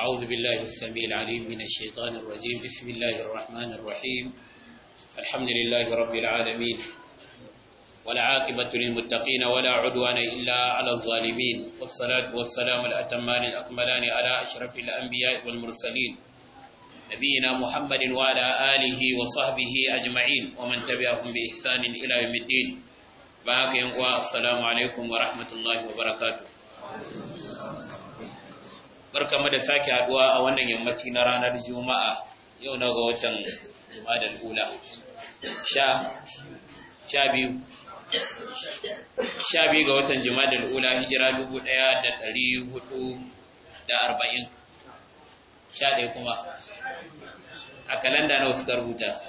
أعوذ بالله السميع العليم من الشيطان الرجيم بسم الله الرحمن الرحيم الحمد لله رب العالمين ولا عاقبة للمتقين ولا عدوان إلا على الظالمين والصلاة والسلام الأتمان الأكملان على أشرف الأنبياء والمرسلين نبينا محمد وعلى آله وصحبه أجمعين ومن تبعهم بإحسان إلى يوم الدين باقي السلام عليكم ورحمة الله وبركاته barkamu da sake haduwa a wannan yammaci na ranar juma'a yau na ga watan jumadal ula sha sha biyu sha biyu ga watan jumadal ula hijira dubu ɗaya da dari hudu da arba'in sha ɗaya kuma a kalanda na wasu garbuta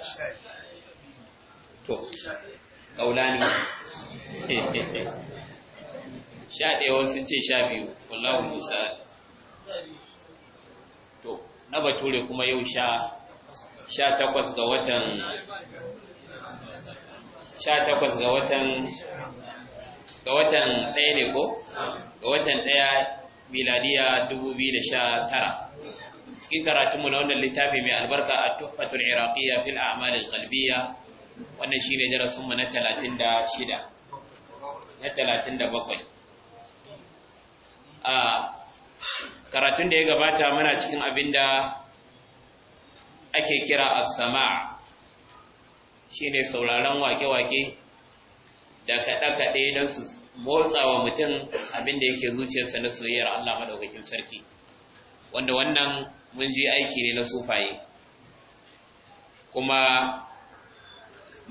to ƙaulani sha ɗaya wasu ce sha biyu wallahu musa to na bature kuma yau sha sha takwas ga watan sha takwas ga watan ga watan ɗaya ne ko ga watan ɗaya miladiya 2019 cikin karatunmu na wannan littafi mai albarka a tuhfatul iraqiyya fil a'mal al-qalbiyya wannan shi ne jarasunmu na 36 na 37 a ah, karatun da ya gabata muna cikin abin da ake kira as-sama' shine sauraron wake-wake da kaɗe-kaɗe don su motsa wa mutum abin da yake zuciyarsa na soyayyar Allah madaukakin sarki wanda wannan mun je aiki ne na sufaye kuma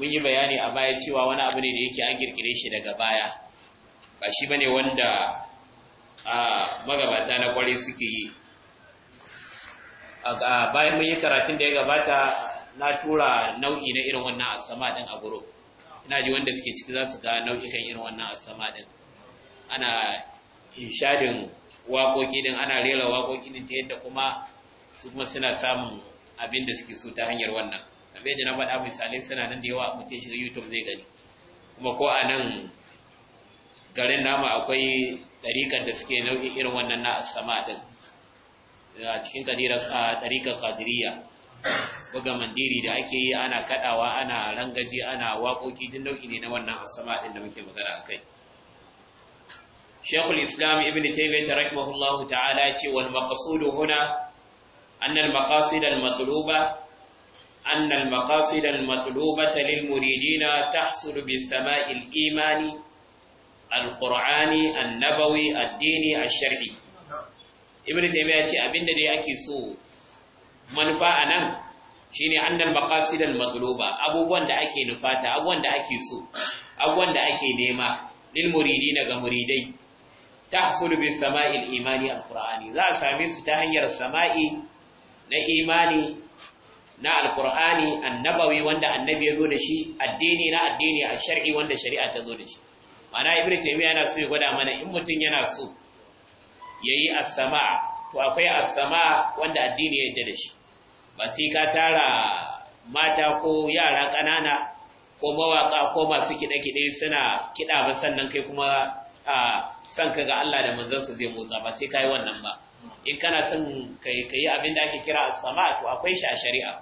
mun yi bayani a baya cewa wani abu ne da yake an kirkire shi daga baya ba shi bane wanda a magabata na kwarai suke yi bayan mun yi karatun da ya gabata na tura nau'i na irin wannan asama din a guro ina ji wanda suke ciki za su ga nau'ikan irin wannan asama din ana inshadin waƙoƙi din ana rela waƙoƙi din ta yadda kuma su kuma suna samun abin da suke so ta hanyar wannan kamar yadda na faɗa misali, suna nan da yawa mutum shi youtube zai gani kuma ko a nan garin nama akwai ɗariƙar da suke nau'i irin wannan na asama ɗin a cikin ɗariƙar kadiriya buga mandiri da ake yi ana kaɗawa ana rangaji ana waƙoƙi duk nau'i ne na wannan asama ɗin da muke magana a kai shekul islam ibn ta rahimahullahu ta'ala ce wal maqsudu huna أن المقاصد المطلوبة أن المقاصد Muridina, للمريدين تحصل Sama'il, imani. alqur'ani annabawi addini ash-shar'i ibnu ya ce abinda dai ake so manufa anan shine annal maqasid al-magluba abubuwan da ake nufata abubuwan da ake so abubuwan da ake nema lil muridina ga muridai tahsulu bis sama'i al-imani al-qur'ani za a same su ta hanyar sama'i na imani na al-qur'ani annabawi wanda annabi ya zo da shi addini na addini a shar'i wanda shari'a ta zo da shi mana ibn taymiya yana so ya gwada mana in mutum yana so yayi as-sama to akwai as-sama wanda addini ya yarda da shi ba sai ka tara mata ko yara kanana ko mawaka ko masu kiɗe-kiɗe suna kiɗa ba sannan kai kuma a san ka ga Allah da manzansa zai motsa ba sai kai wannan ba in kana son kai kai abin da ake kira as-sama to akwai shi a shari'a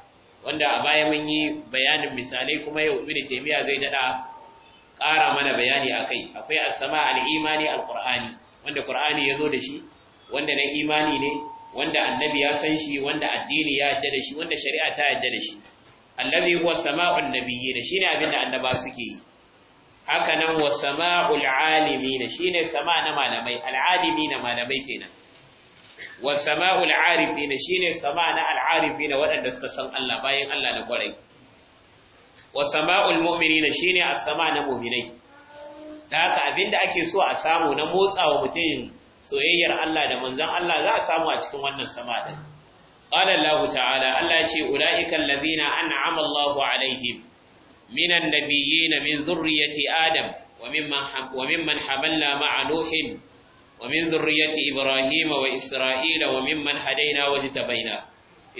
wanda a baya mun yi bayanin misalai kuma yau ibn taymiya zai daɗa. ƙara mana bayani a kai, akwai as-sama al-imani al-qur'ani wanda qur'ani yazo da shi wanda na imani ne wanda annabi ya san shi wanda addini ya yadda da shi wanda shari'a ta yadda da shi allazi huwa sama'un nabiyyin shine abin da annaba suke yi haka nan wa sama'ul alimin shine sama na malamai al na malamai kenan wa sama'ul arifin shine sama na al-arifin waɗanda suka san Allah bayan Allah na ƙwarai. wa sama'ul mu'minina shine as-sama na mu'minai da haka abinda ake so a samu na motsawa mutum soyayyar Allah da manzon Allah za a samu a cikin wannan sama din qala Allah ta'ala Allah ya ce ulaiikal ladina an'ama Allahu alaihim minan nabiyyin min zurriyyati adam wa mimman wa mimman hamalna ma'a nuhin ومن ذرية إبراهيم وإسرائيل وممن هدينا واجتبينا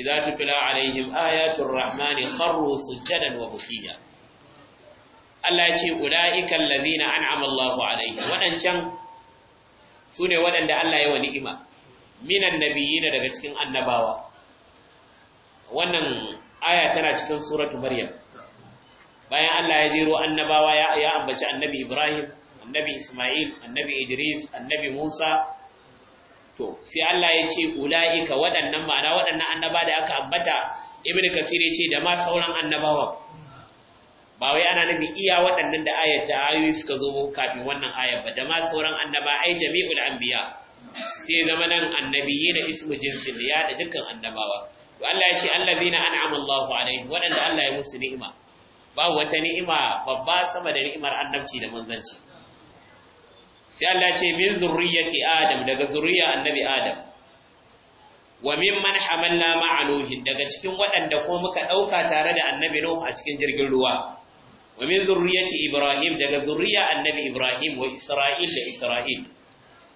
idza tutla alaihim ayatul rahmani kharru sujadan wa bukiya Allah ya ce ulaika allazina an'ama Allahu alaihim wadancan sune wadanda Allah ya wa ni'ima minan nabiyina daga cikin annabawa wannan aya tana cikin suratu maryam bayan Allah ya jero annabawa ya ambaci annabi ibrahim annabi isma'il annabi idris annabi musa to sai Allah ya ce ula'ika waɗannan ma'ana waɗannan annaba da aka ambata ibn kasir ya ce da ma sauran annabawa ba wai ana nufin iya waɗannan da ayat ta ayoyi suka zo kafin wannan ayat ba da ma sauran annaba ai jami'ul anbiya sai zama nan annabiyyi na ismu jinsi ya da dukkan annabawa to Allah ya ce allazina an'ama Allahu alaihim waɗanda Allah ya musu ni'ima babu wata ni'ima babba sama da ni'imar annabci da manzanci sai Allah ce min zurriyati adam daga zuriya annabi adam wa mimman hamalna ma'a daga cikin waɗanda ko muka ɗauka tare da annabi nuh a cikin jirgin ruwa wa min zurriyati ibrahim daga zuriya annabi ibrahim wa isra'il da isra'il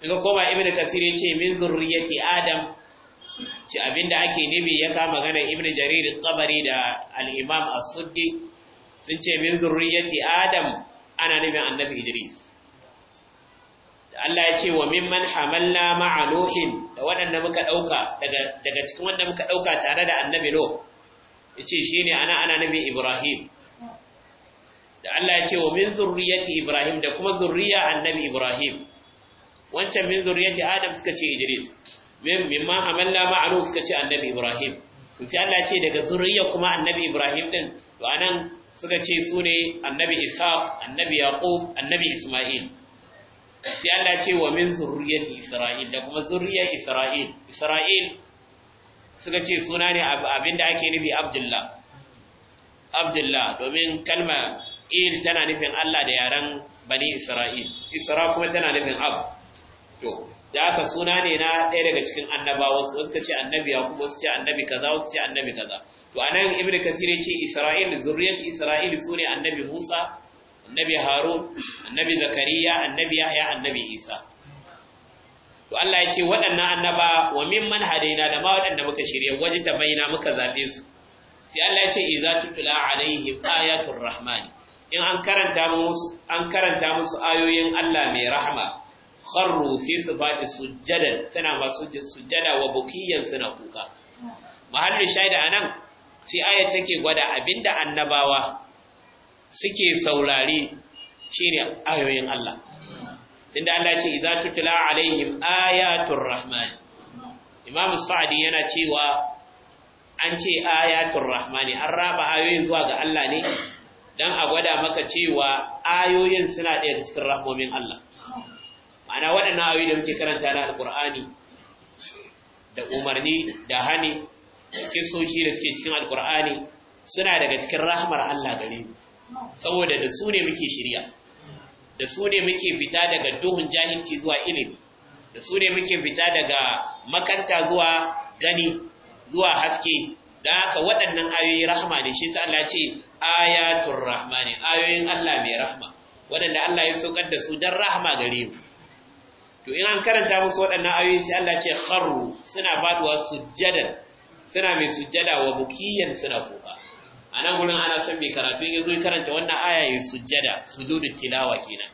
daga koma ibnu kasir yace min zurriyati adam ci abinda ake nubi ya kama magana ibnu jarir al-tabari da al-imam as-suddi sun ce min zurriyati adam ana nufin annabi idris Allah ya ce wa mimman hamalna ma'a nuhin da waɗanda muka ɗauka daga cikin wanda muka ɗauka tare da annabi nuh yace shine ana ana nabi ibrahim da Allah ya ce wa min zurriyati ibrahim da kuma zurriya annabi ibrahim wancan min zurriyati adam suka ce idris min mimman hamalna ma'a nuh suka ce annabi ibrahim to sai Allah ya ce daga zurriya kuma annabi ibrahim din to anan suka ce su ne annabi ishaq annabi yaqub annabi isma'il sai Allah ce wa min zurriyati Isra'il da kuma zurriyar Isra'il Isra'il suka ce suna ne abinda ake nufi Abdullah Abdullah domin kalma il tana nufin Allah da yaran bani Isra'il Isra kuma tana nufin ab to da aka suna ne na ɗaya daga cikin annabawa wasu suka ce annabi kuma wasu ce annabi kaza wasu ce annabi kaza to anan ibnu Kathir ya ce Isra'il zurriyar Isra'il sune annabi Musa annabi harun annabi zakariya annabi yahya annabi isa to Allah ya ce waɗannan annaba wa mimman hadaina da ma waɗanda muka shirye waje ta bayyana muka zabe su sai Allah ya ce idza tutla alaihim ayatul rahmani in an karanta musu an karanta musu ayoyin Allah mai rahma kharru fi sifati faɗi suna masu sujjada wa bukiyan suna kuka mahallin shaida anan sai ayat take gwada abinda annabawa suke shi ne ayoyin Allah tunda Allah ce "Iza tutula alaihim ayatun rahman Imam Sa'adi yana cewa an ce ayatur rahmani an raba ayoyin zuwa ga Allah ne don a gwada maka cewa ayoyin suna ɗaya cikin rahmomin Allah ma'ana waɗannan ayoyi da muke karanta na Al-Qur'ani da umarni da hani da kisoshi da suke cikin Al-Qur'ani suna daga cikin rahmar Allah gare mu saboda da su ne muke shirya da su ne muke fita daga duhun jahilci zuwa ilimi da su ne muke fita daga makanta zuwa gani zuwa haske da haka waɗannan ayoyi rahama ne shi sa Allah ce ayatul rahmani ayoyin Allah mai rahma waɗanda Allah ya saukar da su dan rahama gare mu to in an karanta musu waɗannan ayoyi sai Allah ce kharru suna baduwa sujjada, suna mai sujjada wa bukiyan suna ko a nan gurin ana son mai karatu ya zo karanta wannan aya ya sujjada sujudu tilawa kenan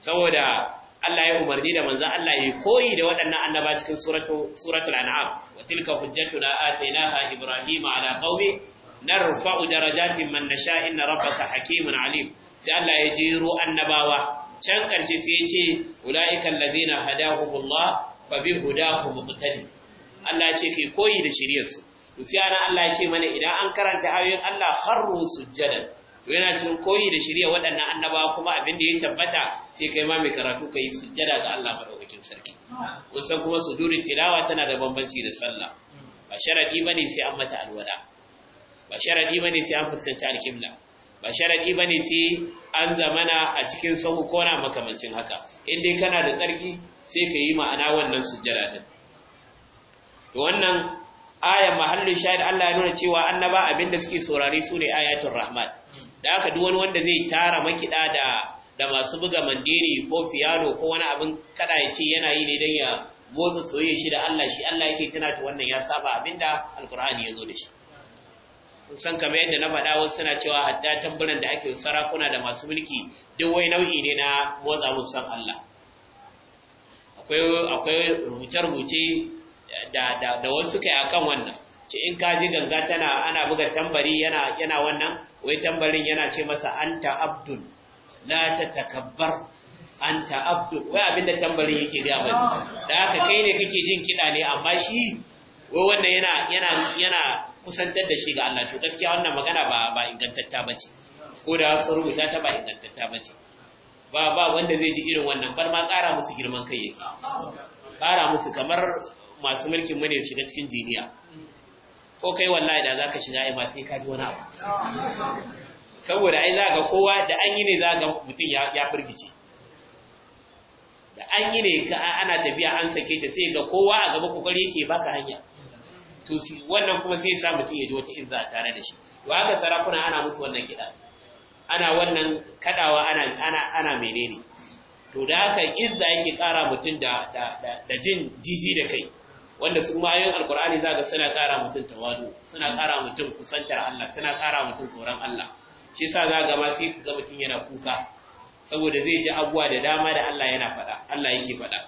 saboda Allah ya umarni da manzan Allah ya koyi da waɗannan annaba cikin suratul suratul an'am wa tilka hujjatuna atainaha ibrahima ala qaumi narfa'u darajatin man nasha inna rabbaka hakimun alim sai Allah ya jiro annabawa can karshe sai ya ce ulaika allazina hadahumullah fa bi hudahu muqtadi Allah ya ce kai koyi da shiriyarsu Kusiyana Allah ya ce mana idan an karanta ayoyin Allah harru sujjadan yana cikin koyi da shirya waɗannan annabawa kuma abin da ya tabbata sai kai ma mai karatu kai sujjada ga Allah madaukakin sarki kusan kuma Sudurin tilawa tana da bambanci da sallah ba sharadi bane sai an mata alwala ba sharadi bane sai an fuskanci alkibla ba sharadi bane sai an zamana a cikin sahu ko na makamancin haka in dai kana da tsarki sai ka yi ma'ana wannan sujjada din to wannan aya mahallin shahid Allah ya nuna cewa annaba abin da suke saurare su ne ayatul rahman da haka duk wani wanda zai tara makida da da masu buga mandiri ko fiyano ko wani abin kada ya ce yana yi ne dan ya motsa soyayya shi da Allah shi Allah yake tana ta wannan ya saba abinda alqur'ani ya zo da shi san kamar yadda na faɗa wasu suna cewa hatta tamburan da ake sarakuna da masu mulki duk wai nau'i ne na motsa musan Allah akwai akwai rubuce-rubuce da da da wasu kai akan wannan ce in ka ji ganga tana ana buga tambari yana yana wannan wai tambarin yana ce masa anta abdul la Takabbar? anta abdul wai abinda tambarin yake ga mai da haka kai ne kake jin kida ne amma shi wai wannan yana yana yana kusantar da shi ga Allah to gaskiya wannan magana ba ba ingantatta bace ko da sun rubuta ta ba ingantatta bace ba ba wanda zai ji irin wannan bar ma ƙara musu girman kai yake ƙara musu kamar masu mulkin mu ne shiga cikin jiniya ko kai wallahi da zaka shiga ai ba sai ka ji wani abu saboda ai za ga kowa da an yi ne za ga mutum ya furgice da an yi ne ka ana tafiya an sake ta sai ga kowa a gaba kokari yake baka hanya to wannan kuma sai sa mutum ya ji wata izza tare da shi to haka sarakuna ana musu wannan kidan, ana wannan kadawa ana ana ana menene to da haka izza yake kara mutum da da jin jiji da kai wanda su ma ayoyin alkur'ani za ga suna ƙara mutum tawadu suna ƙara mutum kusantar Allah suna ƙara mutum tsoron Allah shi sa za ga ma sai ga mutum yana kuka saboda zai ji abuwa da dama da Allah yana faɗa Allah yake faɗa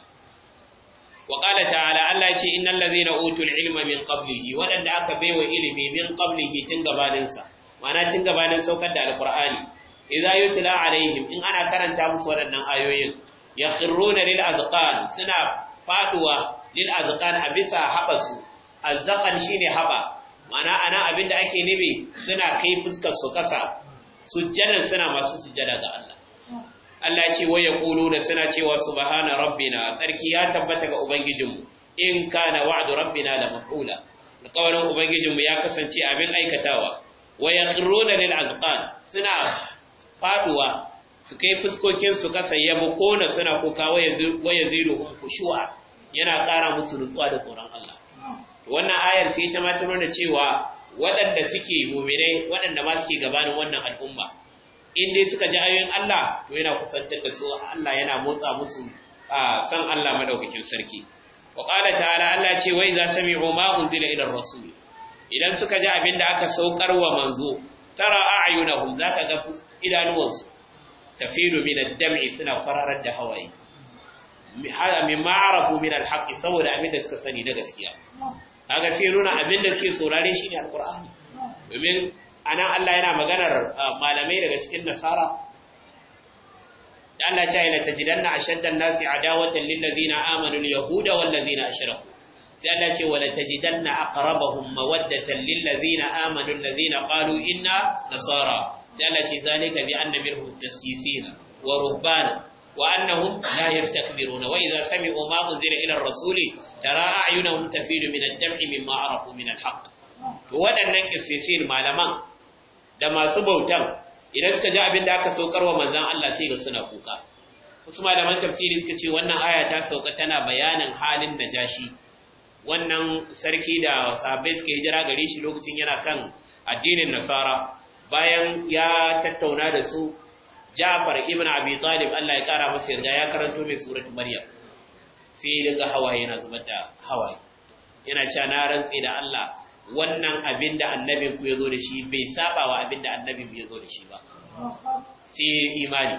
wa qala ta'ala Allah ce innal ladzina utul ilma min qablihi wadanda aka baiwa ilimi min qablihi tun gabanin sa ma'ana tun gabanin saukar da alkur'ani idza yutla alaihim in ana karanta musu waɗannan ayoyin yakhruna lil azqan suna faduwa lil azqan a bisa haɓasu azqan shine haɓa mana ana abinda ake nibi suna kai fuskar su kasa sujjadan suna masu sujjada ga Allah Allah ce wa da suna cewa subhana rabbina tsarki ya tabbata ga ubangijinmu in kana wa'du rabbina la maf'ula alƙawarin ubangijinmu ya kasance abin aikatawa wa qiruna lil azqan suna faduwa su kai fuskokin su kasa yabo kona suna kuka waya ziruhum khushu'a yana ƙara musu nutsuwa da tsoron Allah wannan ayar sai ta ma da cewa waɗanda suke muminai waɗanda ma suke gabanin wannan al'umma in dai suka ji ayoyin Allah to yana kusantar da su Allah yana motsa musu a san Allah madaukakin sarki wa qala ta'ala Allah ce wai za sami'u ma unzila ila rasul idan suka ji abin da aka saukar wa manzo tara a'yunahum zaka ga idanuwansu tafilu min ad-dam'i suna kwararar da hawaye mimma arafu min alhaqi saboda abin da suka sani na gaskiya kaga sai nuna abin da suke saurare shine alqur'ani domin anan Allah yana maganar uh, malamai daga cikin nasara da Allah ya ce la tajidanna ashaddan nasi adawatan lil ladzina amanu yahuda wal ladzina ashraku sai Allah ya ce wala tajidanna aqrabahum mawaddatan lil ladzina amanu ladzina qalu inna nasara sai Allah ya ce zalika bi anna minhum tasisina wa ruhbana wa annahum la yastakbiruna wa idza sami'u ma unzila ila rasuli tara a'yunahum tafidu min ad-dam'i mimma arafu min al-haqq to waɗannan kisisin malaman da masu bautan idan suka ji abin da aka saukar wa manzon Allah sai ga suna kuka wasu malaman tafsiri suka ce wannan aya ta sauka tana bayanin halin najashi wannan sarki da sahabbai suka hijira gare shi lokacin yana kan addinin nasara bayan ya tattauna da su Ja'far ibn Abi Talib Allah ya kara masa yarda ya karanto mai suratul Maryam sai daga hawaye yana zubar da hawaye yana cewa na rantsi da Allah wannan abin da annabin ku yazo da shi bai saba wa abin da annabin ya zo da shi ba sai imani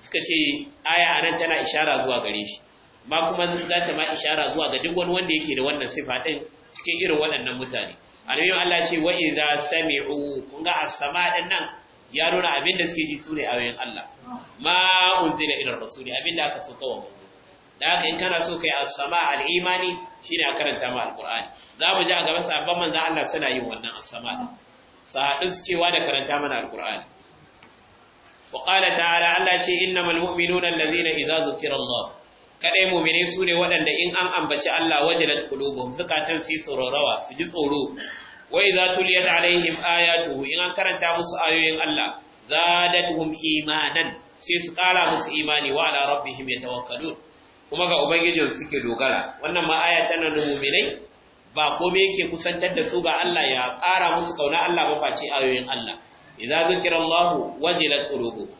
suka ce aya anan tana ishara zuwa gare shi ba kuma za ta ma ishara zuwa ga duk wani wanda yake da wannan sifa din cikin irin waɗannan mutane annabi Allah ce wa idza sami'u kun ga as-sama' din nan ya nuna abin da suke ji su ne wayan Allah ma unzila ila rasuli abin da aka sauka wa manzo da haka in kana so kai as-sama al-imani shine a karanta ma al-qur'ani za mu ji a gaban sahabban manzo Allah suna yin wannan as-sama din sahabin su cewa da karanta mana al-qur'ani wa qala ta'ala Allah ce innamal mu'minuna allazina idza zukira Allah kadai mu'mini su ne waɗanda in an ambaci Allah wajalat qulubuhum zakatan su sororawa su ji tsoro wa idza tuliyat alaihim ayatuhu in an karanta musu ayoyin Allah zadatuhum imanan sai su kala musu imani wa ala rabbihim yatawakkalun kuma ga ubangijin suke dogara wannan ma aya tana da mu'minai ba komai yake kusantar da su ga Allah ya kara musu kauna Allah ba face ayoyin Allah idza zikrallahu wajilat qulubuhum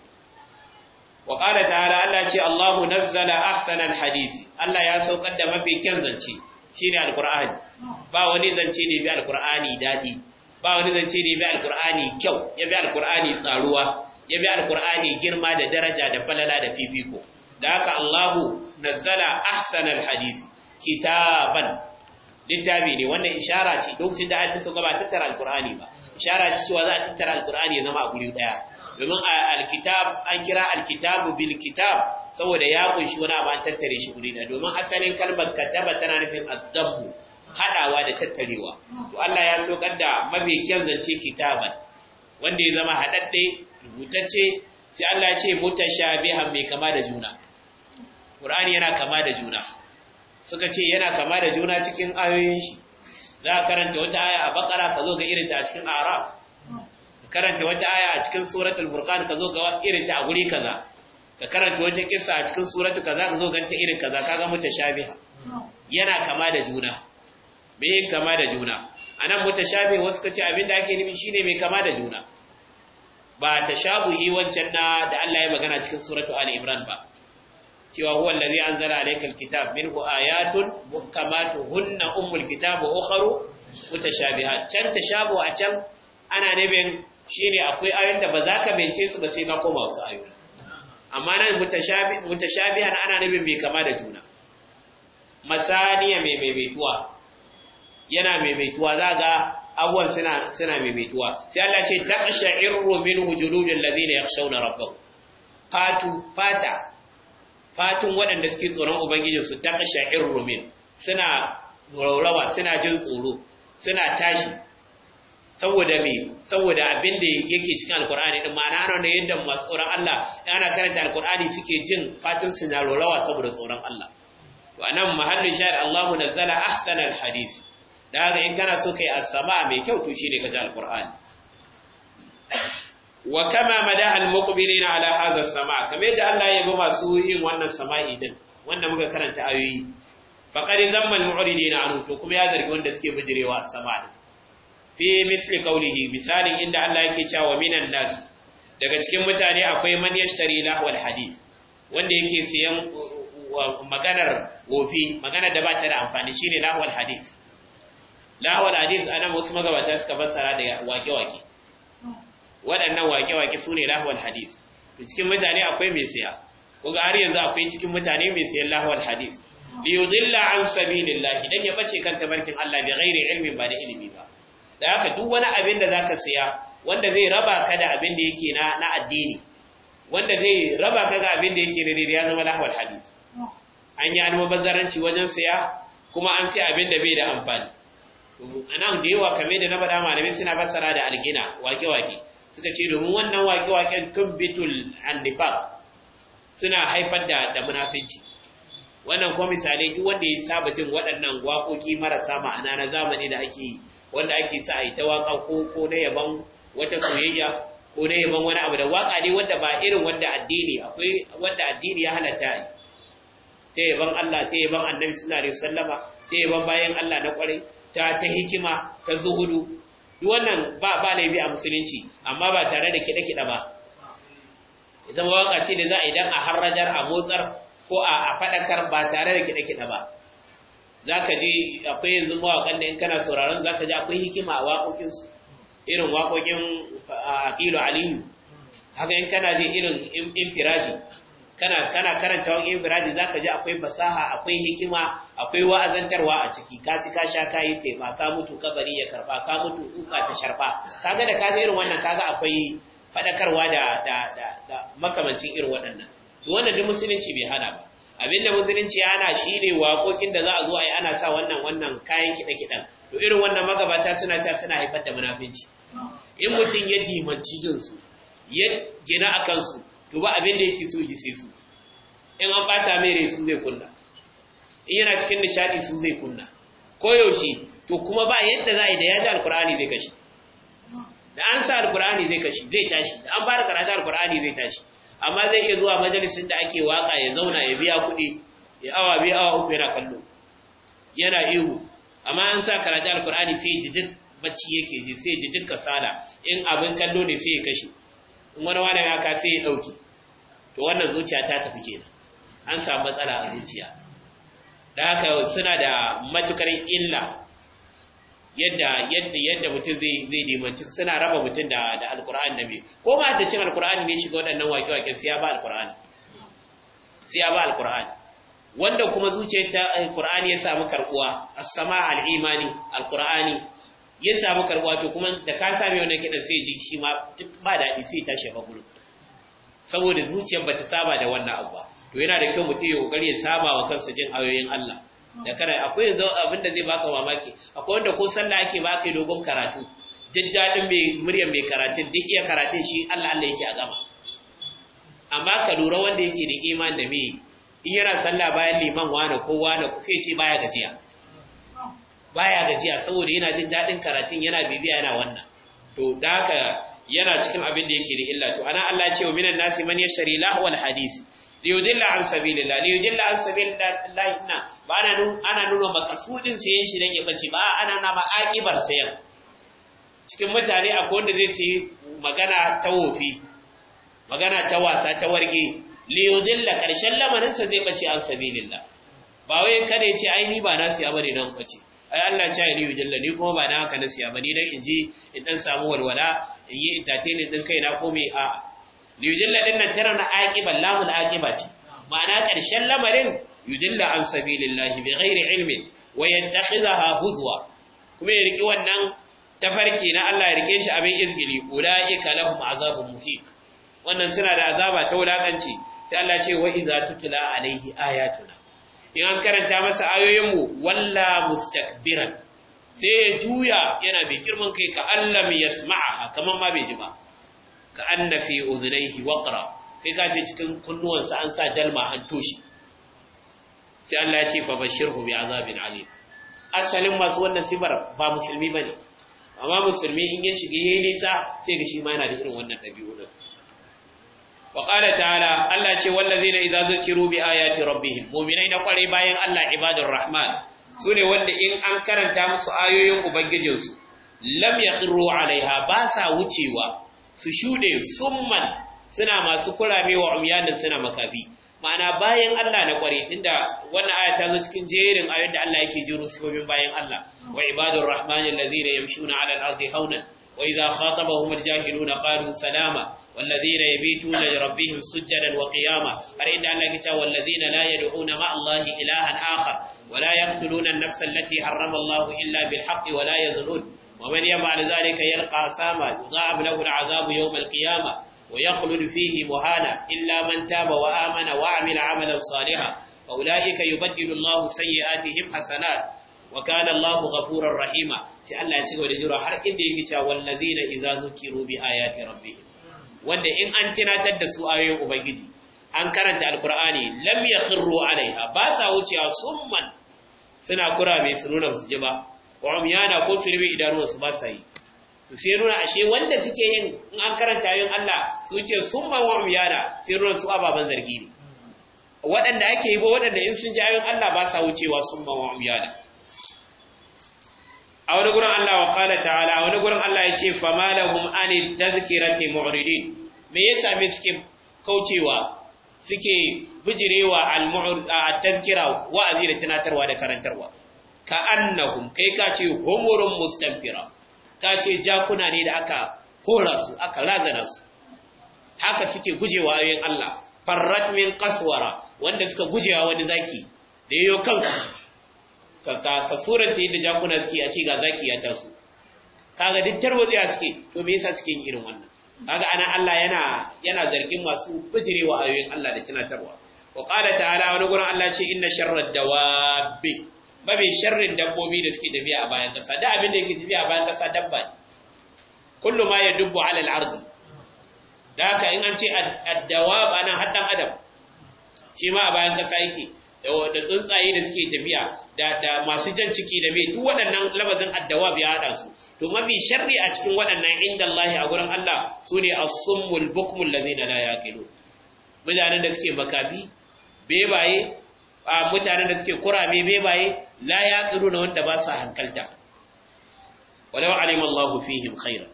wa qala ta'ala Allah ce Allahu nazzala ahsana alhadisi Allah ya saukar da mafi kyan zance shine alqur'ani ba wani zance ne bi alqur'ani dadi ba wani zance ne bi alqur'ani kyau ya bi alqur'ani tsaruwa ya bi alqur'ani girma da daraja da falala da fifiko da haka Allahu nazzala ahsanal hadisi kitaban littafi ne wannan ishara ce lokacin da hadisi gaba tattara alqur'ani ba ishara ce cewa za a tattara alqur'ani ya zama a guri ɗaya? domin alkitab an kira alkitabu bil kitab saboda ya kunshi wani abu an tattare shi guri da domin asalin kalmar kataba tana nufin addabu hadawa da tattarewa to Allah ya so da mafi kyan zance kitaban wanda ya zama hadadde rubutacce sai Allah ya ce mutashabihan mai kama da juna Qur'ani yana kama da juna suka ce yana kama da juna cikin ayoyin shi za ka karanta wata aya a Baqara ka zo ga irin ta a cikin A'raf karanta wata aya a cikin suratul furqan ka zo ga irin ta a guri kaza ka karanta wata kissa a cikin suratu kaza ka zo ganta irin kaza kaga mutashabiha yana kama da juna me kama da juna anan mutashabihi wasu kace abinda ake nufi shine me kama da juna ba tashabuhi wancan na da Allah ya magana cikin suratu ali imran ba cewa huwa allazi anzala alayka alkitab minhu ayatun muhkamatun hunna ummul kitab wa ukharu mutashabihat can tashabu a can ana nabin shine akwai ayoyin da ba za ka bence su ba sai ka koma wasu ayoyi amma nan mutashabihan ana nufin mai kama da juna masaniya mai maimaituwa yana maimaituwa za ga abuwan suna suna maimaituwa sai Allah ce taqsha'irru min wujudil ladina yakhshawna rabbahum fatu fata fatun waɗanda suke tsoron ubangijinsu taqsha'irru min suna raurawa suna jin tsoro suna tashi saboda me saboda abin da yake cikin alkur'ani din ma'ana ana da yadda masu tsoron Allah da ana karanta alkur'ani suke jin fatin su na rorawa saboda tsoron Allah to anan mahallin shahid Allahu nazzala ahsana alhadith da haka in kana so kai as-sama mai kyau to shine ji alkur'ani wa kama madaha almuqbilina ala hadha as-sama kamar yadda Allah ya ba masu yin wannan sama'i din wanda muka karanta ayoyi faqad zamma almu'ridina anhu to kuma ya zargi wanda suke bijirewa as-sama din fi misli qawlihi misalin inda Allah yake cewa wa minan nas daga cikin mutane akwai man yashtari lahwal hadith wanda yake siyan maganar wofi maganar da ba ta da amfani shine lahwal hadith lahwal hadith ana wasu magabata suka fassara da wake-wake waɗannan wake-wake sune lahwal hadith cikin mutane akwai mai siya kuga har yanzu akwai cikin mutane mai siyan lahwal hadith li yudilla an sabilillah idan ya bace kan tabarkin Allah bi ghairi ilmin ba da ilimi ba da haka duk wani abin da zaka siya wanda zai raba ka da abin da yake na addini wanda zai raba ka ga abin da yake ne ya zama lahwal hadis an yi bazaranci wajen siya kuma an siya abin da bai da amfani anan da yawa kamar da na faɗa malamin suna fassara da algina wake-wake suka ce domin wannan wake-waken tumbitul annifaq suna haifar da da munafinci wannan kuma misali, duk wanda ya saba jin waɗannan gwakoki marasa ma'ana na zamani da ake yi wanda ake sa a yi ta waka ko ko na yaban wata soyayya ko na yaban wani abu da waka ne wanda ba irin wanda addini akwai wanda addini ya halatta yi ta yaban Allah ta yaban Annabi sallallahu alaihi wasallama ta yaban bayan Allah na kwarai ta ta hikima ta zuhudu duk wannan ba ba laifi a musulunci amma ba tare da kide kide ba zama waka ce da za a idan a harrajar a motsar ko a fadakar ba tare da kide kide ba za ka ji akwai yanzu mawaƙan da in kana sauraron za ka ji akwai hikima a waƙoƙinsu irin waƙoƙin aƙilu aliyu haka in kana ji irin infiraji kana kana karanta wani infiraji za ka ji akwai fasaha akwai hikima akwai wa'azantarwa a ciki ka ci ka sha ka yi fema ka mutu kabari ya karba ka mutu tsuka ta sharfa ga da ka ji irin wannan ka ga akwai faɗakarwa da makamancin irin waɗannan wannan duk musulunci bai hana ba abinda musulunci yana shi shine waƙoƙin da za a zo a yi ana sa wannan wannan kayan kiɗa-kiɗa, to irin wannan magabata suna cewa suna haifar da munafinci in mutum ya dimanci su ya gina a kansu to ba abin da yake so ji sai su in an bata mai rai su zai kunna in yana cikin nishadi su zai kunna koyaushe to kuma ba yadda za a yi da ya ji alkur'ani zai kashi da an sa alkur'ani zai kashi zai tashi da an fara karatu alkur'ani zai tashi amma zai iya zuwa majalisin da ake waka ya zauna ya biya kuɗi ya awa biya awa uku yana kallo yana ihu amma an sa karatu alkur'ani sai ji duk bacci yake ji sai ji duk kasala in abin kallo ne sai ya kashe in wani wani ya ka sai ya ɗauki to wannan zuciya ta tafi kenan an samu matsala a zuciya da haka suna da matukar illa yadda yadda yadda mutum zai zai dimanci suna raba mutum da da alqur'ani nabi ko ba da cin alqur'ani ne shiga waɗannan wake waki sai ya ba alqur'ani sai ya ba alqur'ani wanda kuma zuciyar ta alqur'ani eh, ya samu karbuwa as-sama' al-imani alqur'ani ya samu karbuwa to kuma da ka same wannan kidan sai ji shi ma ba dadi sai tashi ba gurin saboda zuciyar bata saba da wannan abu ba to yana da kyau mutum ya kokari ya saba wa kansa jin ayoyin Allah da kare akwai yanzu abin da zai baka mamaki akwai wanda ko sallah ake baka dogon karatu jaddadin mai muryar mai karatu, duk iya karatu shi Allah Allah yake a gama amma ka lura wanda yake da iman da mai in yana sallah bayan liman wani ko wani sai ce baya gajiya baya gajiya saboda yana jin daɗin karatun yana bibiya yana wannan to da haka yana cikin abin da yake da illa to ana Allah ya ce wa minan nasi man yashri lahwal hadisi liyudilla an sabilillah liyudilla an sabilillah inna ba ana nun ana nuna makasudin sayan shi dan ya bace ba ana na ba akibar sayan cikin mutane akwai wanda zai sayi magana ta wofi magana ta wasa ta warge liyudilla karshen lamarin sa zai bace an sabilillah ba wai kada ya ce ai ni ba na siya bane nan bace ai Allah ya yi yudilla ni kuma ba na haka na siya bane dan inji in dan samu walwala in yi entertainment din kai ko me a yujilla din nan tana na aqiba lamul aqiba ce ma'ana ƙarshen lamarin yujilla an sabilillahi bi ghairi ilmi wa yattakhizaha huzwa kuma ya riki wannan tafarki na Allah ya rike shi abin izgili ulaika lahum azabun muhiq wannan suna da azaba ta wulakanci sai Allah ce wa idza tutla alaihi ayatuna in an karanta masa ayoyin mu walla mustakbiran sai ya juya yana mai girman kai ka Allah mai yasma'aha kaman ma bai ji ba ka anna fi udhnayhi waqra kai ka ce cikin kunnuwansa an sa dalma an toshi sai Allah ya ce fa bashirhu bi azabin alim asalin masu wannan sifar ba musulmi ba ne, amma musulmi in ya shiga yayi nisa sai ga shi ma yana da irin wannan dabi'u din wa qala ta'ala Allah ce wallazina idza zukiru bi ayati rabbihim mu'minai da kwarai bayan Allah ibadur rahman sune wanda in an karanta musu ayoyin ubangijinsu lam yaqirru alaiha ba sa wucewa su shuɗe summan suna masu kurame wa umyanin suna makafi ma'ana bayan Allah na ƙware tunda wannan aya ta zo cikin jerin ayoyin da Allah yake jiro su gobin bayan Allah wa ibadur rahmanil ladzina yamshuna 'ala al-ardi hawnan wa idza khatabahum al-jahiluna qalu salama wal ya yabituna li rabbihim sujadan wa qiyama har inda Allah ya ce wal ladzina la yad'una na allahi ilahan akhar wa la yaqtuluna an-nafsa allati harrama allahu illa bil haqqi wa la yazlun ومن يفعل ذلك يلقى ساما يضاعف له العذاب يوم القيامة ويخلد فيه مهانا إلا من تاب وآمن وعمل عملا صالحا فأولئك يبدل الله سيئاتهم حسنات وكان الله غفورا رحيما سي الله يسيغو دجورا har inda ya cewa wallazina idza zukiru bi ayati rabbihim wanda in an tunatar da su ayoyin ubangiji an karanta alqur'ani lam yakhru alaiha a sa suna kura mai su nuna su wa umyana ko su rufe su ba sa yi to sai nuna ashe wanda suke yin in an karanta yin Allah su ce sun ma wa umyana sai nuna su ababan zargi ne waɗanda ake yi ba waɗanda in sun ji ayoyin Allah ba sa wucewa sun ma wa umyana a wani gurin Allah wa qala ta'ala a wani gurin Allah ya ce famalahum lahum an tadhkirati mu'ridin me yasa me suke kaucewa suke bijirewa al at-tadhkira wa'azi da tunatarwa da karantarwa ka annahum kai ka ce humurun mustanfira ka ce jakuna ne da aka kora su aka lagana su haka suke gujewa ayoyin Allah farrat min qaswara wanda suka gujewa wani zaki da yayo kansu ka ka, ka surati yadda jakuna suke a ce ga zaki ya taso kaga duk tarwaziya suke to me yasa suke yin irin wannan kaga ana Allah yana yana zargin masu bijirewa ayoyin Allah da tunatarwa wa qala ta'ala wani gurin Allah ce inna sharra dawabi mafi sharrin dabbobi da suke tafiya a bayan kasa da abin da yake tafiya a bayan kasa dabba ne kullu ma ya dubbu alal ardi da haka in an ce addawab anan haddan adam shi ma a bayan kasa yake da tsuntsaye da suke tafiya da masu jan ciki da mai duk waɗannan labazin addawab ya haɗa su to mafi sharri a cikin waɗannan inda Allah a gurin Allah su ne as-summul bukmul ladina la yaqilu mutanen da suke makabi bebaye a mutanen da suke kurame bebaye la yaqiluna wanda ba su hankalta walau alima Allahu fihim khaira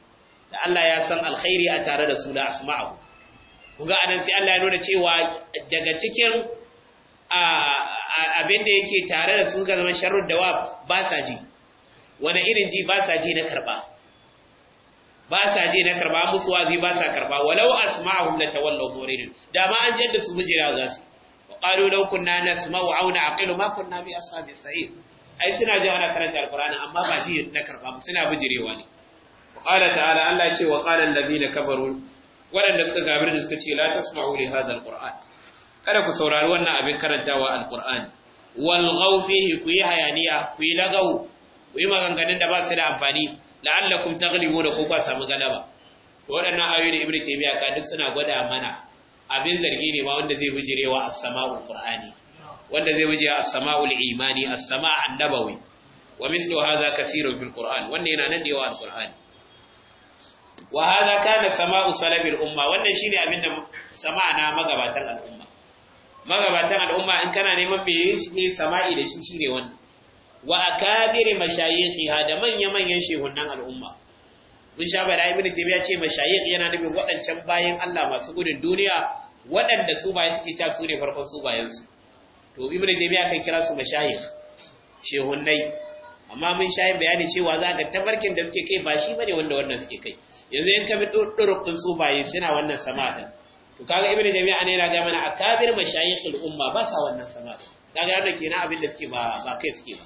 da Allah ya san alkhairi tare da su da asma'ahu kuga anan sai Allah ya nuna cewa daga cikin abin da yake tare da su ga zaman sharrud dawab ba sa ji wani irin ji ba sa ji na karba ba sa je na karba musu wazi ba sa karba walau asma'ahum la tawallaw muridin da ma an jadda su mijira za su qalu law kunna nasma'u aw na'qilu ma kunna bi ashabi sa'i. ai suna ji ana karanta alqur'ani amma ba ji na karba ba suna bijirewa ne wa qala ta'ala Allah ce wa qala alladhina kafaru wadanda suka gabir da suka ce la tasma'u li hada alqur'an kada ku saurari wannan abin karantawa alqur'ani wal fihi ku yi hayaniya ku yi lagawu ku yi maganganun da ba su da amfani la'allakum taghlibu da ku ba samu galaba waɗannan ayoyi da ibnu taymiya ka duk suna gwada mana abin zargi ne ma wanda zai bijirewa a samaul qur'ani wanda zai bujire a samaul imani a sama'an nabawi wa mithlu hadha kaseerun fil qur'an wanda yana nan da yawa al-qur'ani wa hadha kana sama'u salabil umma wannan shine abin da na magabatan al'umma, magabatan al'umma in kana neman shi sama'i da shi shine wannan wa akabiri mashayikhiha da manya manyan shehunan al'umma mun sha bada ibnu taymiya ce mashayikh yana nufin waɗancan bayan Allah masu gudun duniya waɗanda su bayan suke ta su ne farkon su bayan su to Ibn Taymiyyah kan kira su mashayikh shehunnai amma mun sha bayani cewa za ga tabarkin da suke kai ba shi bane wanda wannan suke kai yanzu in ka bi durukun su baye suna wannan sama to kaga Ibn Taymiyyah ne yana ga mana akabir mashayikhul umma ba sa wannan sama kaga yana kenan abin da suke ba ba kai suke ba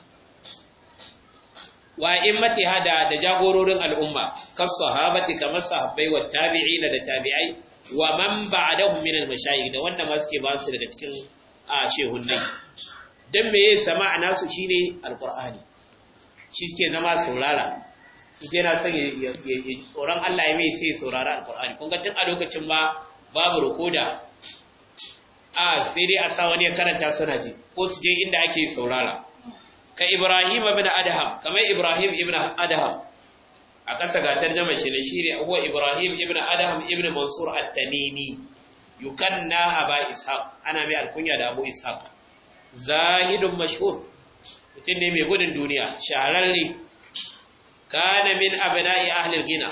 wa mati hada da jagororin al'umma kas sahabati kamar sahabbai wa tabi'ina da tabi'ai wa man a min al-mashayikh da wanda ma suke ba su daga cikin a shehunnai dan me yasa shine alqur'ani shi suke zama saurara Su ke na son tsoron Allah ya mai sai saurara alqur'ani kun ga tun a lokacin ba babu rukoda a sai dai a sa wani ya karanta suna ji ko su je inda ake saurara ka Ibrahim ibn Adham kamar Ibrahim ibn Adham a kasa ga tarjama shi ne shine huwa Ibrahim ibn Adham ibn Mansur at-Tamimi yukanna Aba Ishaq ana mai alkunya da Abu Ishaq zahidun mashhur mutum ne mai gudun duniya shahararre kana min abna'i ahli al-ghina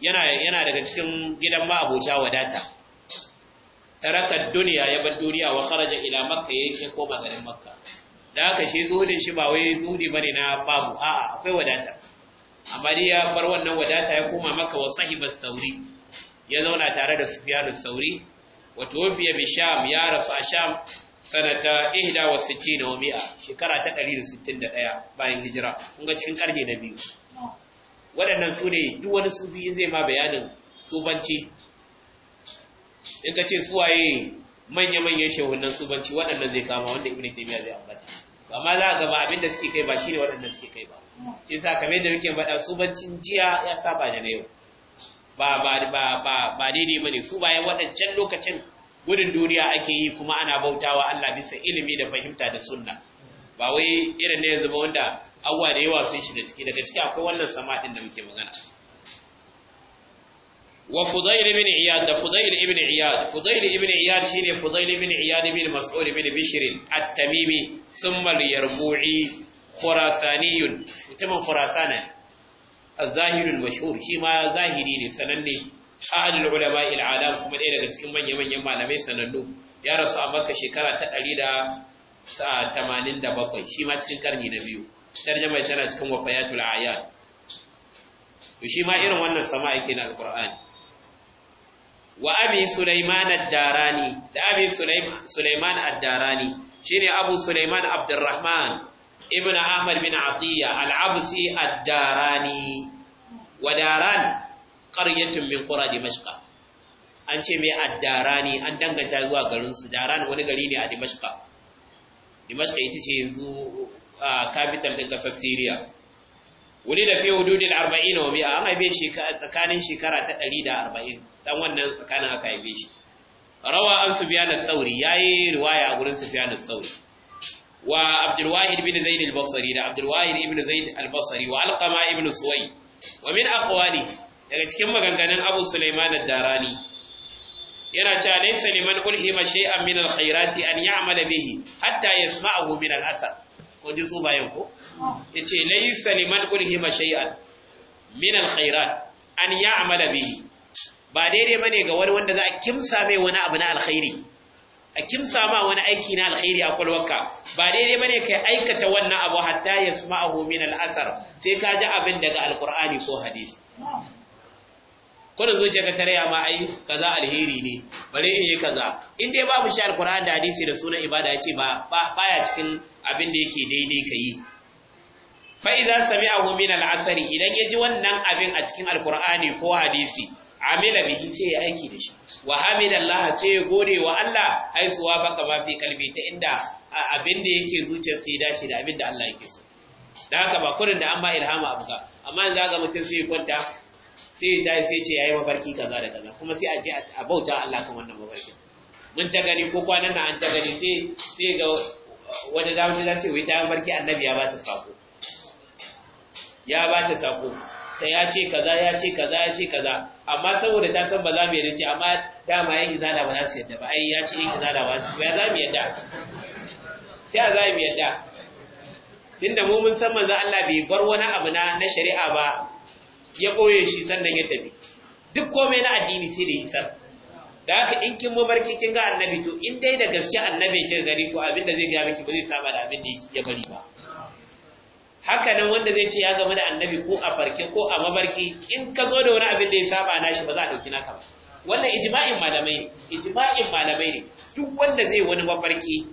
yana yana daga cikin gidan ma abota wadata taraka duniya ya bar duniya wa kharaja ila makka yake koma garin makka da aka shi zuhudin shi ba wai zuhudi bane na babu a'a akwai wadata amma dai ya bar wannan wadata ya koma maka wa sahibar sauri ya zauna tare da sufyan sauri wa tuwfiya bi sham ya rasu a sham sanata 61 wa mi'a shekara ta 161 bayan hijira kun ga cikin karni na biyu waɗannan su ne duk wani sufi zai ma bayanin subanci in ka ce suwaye manya-manyan shehunan subanci waɗannan zai kama wanda ibn taymiyyah zai ambata amma za a gaba abin da suke kai ba ne waɗanda suke kai ba shi sa kamar da muke faɗa su bancin jiya ya saba da na yau ba ba ba ba ba bane su bayan waɗancan lokacin gudun duniya ake yi kuma ana bautawa Allah bisa ilimi da fahimta da sunna ba wai irin ne yanzu ba wanda abubuwa da yawa sun shiga ciki daga ciki akwai wannan sama ɗin da muke magana wa Fudail ibn Iyad da Fudail ibn Iyad Fudail ibn Iyad shine Fudail ibn Iyad ibn Mas'ud ibn Bishr at-Tamimi thumma al-Yarbu'i Khurasaniyun mutumin Khurasana az-Zahir al-mashhur shi ma zahiri ne sananne ahadul ulama al-alam kuma ɗaya daga cikin manyan manyan malamai sanannu ya rasu a Makka shekara ta 187 shi ma cikin karni na biyu tarjuma tana cikin wafayatul ayat to shi ma irin wannan sama yake na al alqur'ani wa abi Sulaiman ad-Darani da abi Sulaiman ad-Darani shine Abu Sulaiman Abdurrahman ibn Ahmad bin Atiya al-Absi ad-Darani wa Daran qaryatun min qura Dimashq an ce mai ad-Darani an danganta zuwa garin su Daran wani gari ne a Dimashq Dimashq ita ce yanzu capital din kasar Syria wani da fi hududin 40 wa bi'a an haife shi tsakanin shekara ta 140 dan wannan tsakanin aka haife shi rawa an sufyan sauri thawri yayi riwaya a gurin sufyan al-thawri wa abdul bin ibn zaid al-basri da abdul wahid ibn zaid al-basri wa alqama ibn suway wa min aqwali daga cikin maganganun abu sulaiman ad-darani yana cewa laysa liman ulhima shay'an min al-khairati an ya'mala bihi hatta yasma'ahu min al-asar ko ji su bayan ko yace laysa liman ulhima shay'an min al-khairat an ya'mala bihi ba daidai bane ga wani wanda za a kimsa mai wani abu na alkhairi a kimsa ma wani aiki na alkhairi a kwalwarka ba daidai bane kai aikata wannan abu hatta suma a homin al'asar sai ka ji abin daga alkur'ani ko hadisi zo zuciya ka tarayya ma ai kaza alheri ne bare yi kaza in dai babu shi alqur'ani da hadisi da sunan ibada ce ba baya cikin abin da yake daidai ka yi. Fa'iza sami a homin al'asari idan ji wannan abin a cikin alkur'ani ko hadisi amila bihi sai ya aiki da shi wa hamidallah sai ya gode wa Allah haisuwa baka ma fi kalbi ta inda abin da yake zuciyar sai dace da abin da Allah yake so da haka ba kurin da an ba ilhama abu ka amma yanzu ga mutum sai ya kwanta sai ya dai sai ce yayi mafarki kaza da kaza kuma sai a je a bauta Allah kan wannan mafarkin mun ta gani ko kwanan nan an ta gani sai sai ga wani zamu ce wai ta mafarki annabi ya ba ta sako ya ba ta sako ta ya ce kaza ya ce kaza ya ce kaza amma saboda ta san ba za mu yarda ce amma dama yin izala ba za su yarda ba ai ya ce yin izala ba ya za mu yadda sai a za mu yadda tunda mu mun san manzo Allah bai bar wani abu na na shari'a ba ya koye shi sannan ya tafi duk komai na addini sai da isa da haka in kin mabarki kin ga annabi to in dai da gaske annabi kin gari ko abin da zai ga miki ba zai saba da abin da ya bari ba haka nan wanda zai ce ya game da annabi ko a farke ko a mabarki in ka zo da wani abin da ya saba na shi ba za a ɗauki naka ba wannan ijma'in malamai ne ijma'in malamai ne duk wanda zai wani mabarki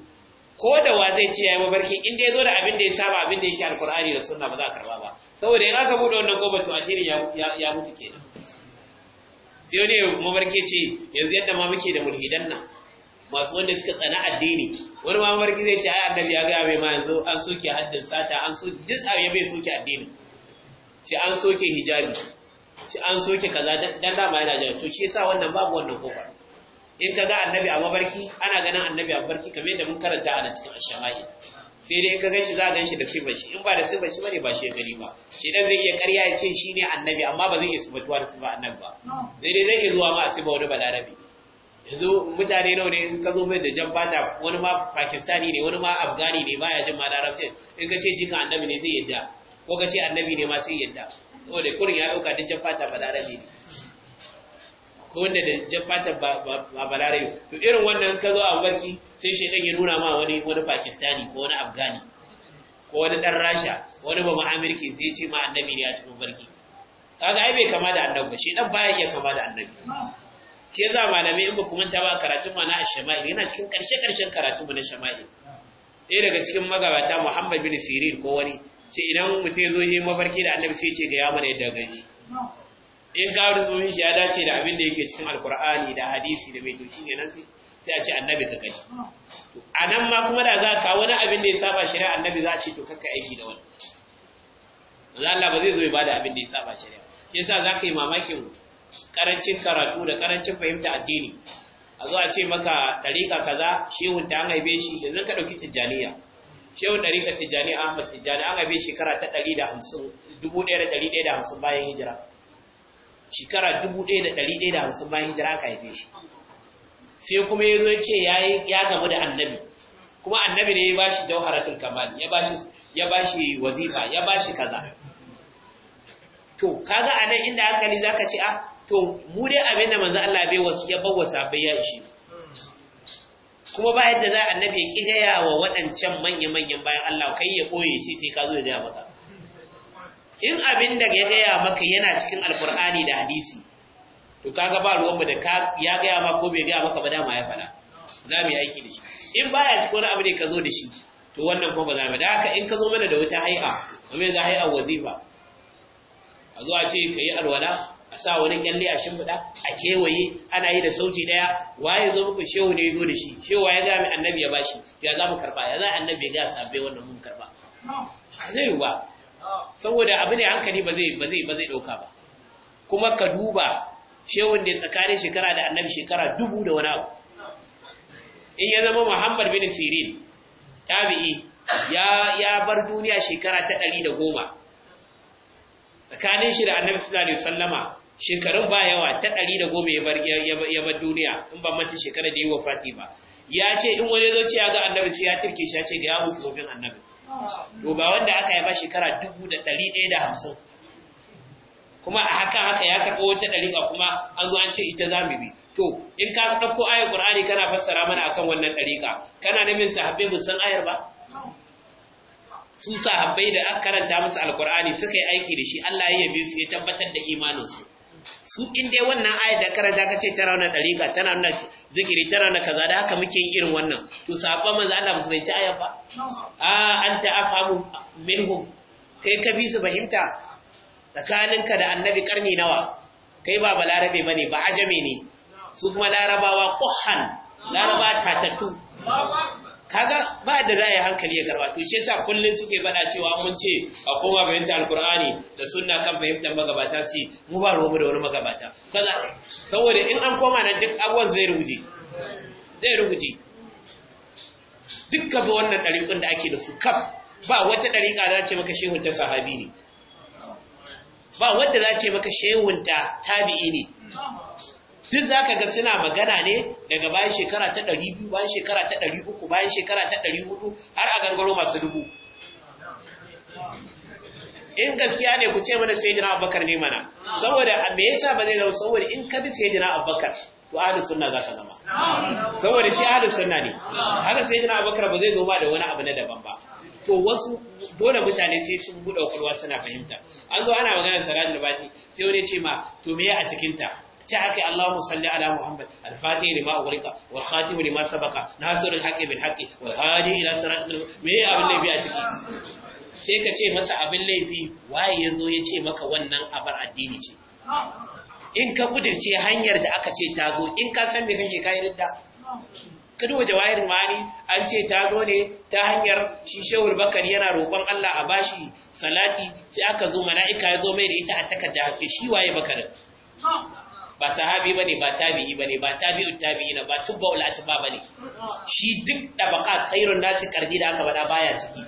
ko da wa zai ce ya mabarki in dai zo da abin da ya saba abin da yake alkur'ani da sunna ba za a karba ba saboda in aka bude wannan gobe to addini ya mutu kenan sai wani mabarki ce yanzu yadda ma muke da mulhidan nan masu wanda suka tsana addini wani ma mafarki zai ce ai annabi ya ga mai ma yanzu an soke haddin sata an soke duk ya bai soke addini ce an soke hijabi ce an soke kaza dan dama yana jira to shi yasa wannan babu wannan kofa in ka ga annabi a mabarki ana ganin annabi a mabarki kamar yadda mun karanta a cikin ashamahi sai dai ka ganshi za a ganshi da sifar shi in ba da sifar shi bane ba shi gani ba shi dan zai iya karya ya ce shi ne annabi amma ba zai iya sifatuwa da sifar annabi ba sai dai zai iya zuwa ma a sifar wani balarabi yanzu mutane nawa ne in ka zo mai da jan bata wani ma pakistani ne wani ma afghani ne baya jin ma larabcin in ka ce jikan annabi ne zai yadda ko ka ce annabi ne ma sai yadda da kurin ya dauka duk jan bata ba larabi ne ko wanda da jan bata ba ba larabi to irin wannan ka zo a barki sai shedan ya nuna ma wani wani pakistani ko wani afghani ko wani dan rasha wani ba ma amirki zai ce ma annabi ne a cikin barki kaga ai bai kama da annabi dan baya iya kama da annabi shi za malamai in ba ku manta ba karatun mana a shama'il yana cikin karshe karshen karatun na shama'il ɗaya daga cikin magabata muhammad bin sirin ko wani ce idan mutum ya zo yi mafarki da annabi sai ce ga ya mana yadda gani in ka rubuta shi ya dace da abin da yake cikin alkur'ani da hadisi da mai tushi ne nan sai a ce annabi ka gani a nan ma kuma da za ka wani abin da ya saba shari'a annabi za a ce to kakka aiki da wani Allah ba zai zo ya bada abin da ya saba shari'a yasa za ka yi mamakin karancin karatu da karancin fahimta addini a zuwa ce maka ɗariƙa kaza shehun ta an haife shi yanzu ka ɗauki tijjaniya shehun ɗariƙa tijjani ahmad tijjani an haife shekara ta ɗari da hamsin dubu ɗaya da ɗari ɗaya da hamsin bayan hijira shekara dubu ɗaya da ɗari ɗaya da hamsin bayan hijira aka haife shi sai kuma ya zo ya ce ya gamu da annabi kuma annabi ne ya ba shi jauharatul kamal ya ba shi ya ba shi wazifa ya ba shi kaza to kaga anan inda hankali zaka ce ah to mu dai abinda manzo Allah bai wasu ya bawa sabai ya ishe kuma ba yadda za annabi ya kidaya wa waɗancan manya-manyan bayan Allah kai ya koye shi sai ka zo da maka in abin da ya gaya maka yana cikin alqur'ani da hadisi to kaga ba ruwan mu da ka ya gaya ma ko bai gaya maka ba dama ya fara za mu yi aiki da shi in baya cikin wani abu ne ka zo da shi to wannan kuma ba za mu da haka in ka zo mana da wata hai'a kamar yanzu hai'a wazifa a zo a ce ka yi alwala a sa wani kyalle a shimfiɗa a kewaye ana yi da sauti ɗaya waye zo muku shehu ne zo da shi shehu ya ga mai annabi ya bashi ya za mu karba ya za annabi ya ga sabbe wannan mun karba zai yi ba saboda abu ne hankali ba zai ba zai ba zai dauka ba kuma ka duba shehu da tsakanin shekara da annabi shekara dubu da wani abu in ya zama muhammad bin sirin tabi'i ya ya bar duniya shekara ta 110 tsakanin shi da annabi sallallahu alaihi wasallama shekarun ba yawa ta ɗari da goma ya bar duniya in ba mata shekara da yi wa fati ba ya ce in wani zo ce ya ga annabi ce ya turke shi ya ce ga ya mutu annabi to ba wanda aka yaba shekara dubu da ɗari ɗaya da hamsin kuma a haka haka ya karɓo wata ɗariƙa kuma an zo ce ita za mu bi to in ka ɗauko ayar ƙur'ani kana fassara mana akan wannan ɗariƙa kana nufin sahabbai mun san ayar ba su sahabbai da aka karanta musu alƙur'ani suka yi aiki da shi Allah ya yabe su ya tabbatar da imaninsu su in dai wannan ayat da karanta kace tara wannan dariqa tana nuna zikiri tana na kaza da haka muke irin wannan to sahabban manzo Allah musulunci ci ayat ba a anta afamu minhum kai ka bi su fahimta tsakaninka da annabi karni nawa kai ba balarabe bane ba ajame ne su kuma larabawa quhan laraba tatu kaga ba da za hankali ya karba to shi yasa kullun suke bada cewa mun ce a koma fahimta alqur'ani da sunna kan fahimtar magabata su mu ba ruwa da wani magabata kaza saboda in an koma nan duk abuwan zai rubuce zai rubuce duk kafa wannan ɗariƙun da ake da su kaf ba wata ɗariƙa za ce maka shehunta sahabi ne ba wanda za ce maka shehunta tabi'i ne duk za ka ga suna magana ne daga bayan shekara ta ɗari biyu bayan shekara ta ɗari uku bayan shekara ta ɗari hudu har a gangaro masu dubu in gaskiya ne ku ce mana sayyidina abubakar ne mana saboda me yasa ba zai zama saboda in ka bi sayyidina abubakar to ahli sunna ka zama saboda shi ahli sunna ne haka sayyidina abubakar ba zai zo ba da wani abu na daban ba to wasu dole mutane sai sun buɗe kwakwalwa suna fahimta an zo ana magana salatul bashi, sai wani ce ma to me a cikin ta ce aka Allahumma salli ala Muhammad al-fatih lima ughliqa wal khatim lima sabaqa nasirul haqqi bil haqqi wal hadi ila siratil me abin laifi a ciki sai ka ce masa abin laifi waye yazo ya ce maka wannan abar addini ce in ka kudirce hanyar da aka ce ta zo in ka san me kake kai ridda ka duba jawahir mani an ce ta zo ne ta hanyar shi shehul bakari yana roƙon Allah a bashi salati sai aka zo mala'ika ya zo mai da ita a takarda haske shi waye bakarin ba sahabi bane ba tabi'i bane ba tabi'u tabi'ina ba subbul asba bane shi duk da baka khairun nasi karbi da aka bada baya ciki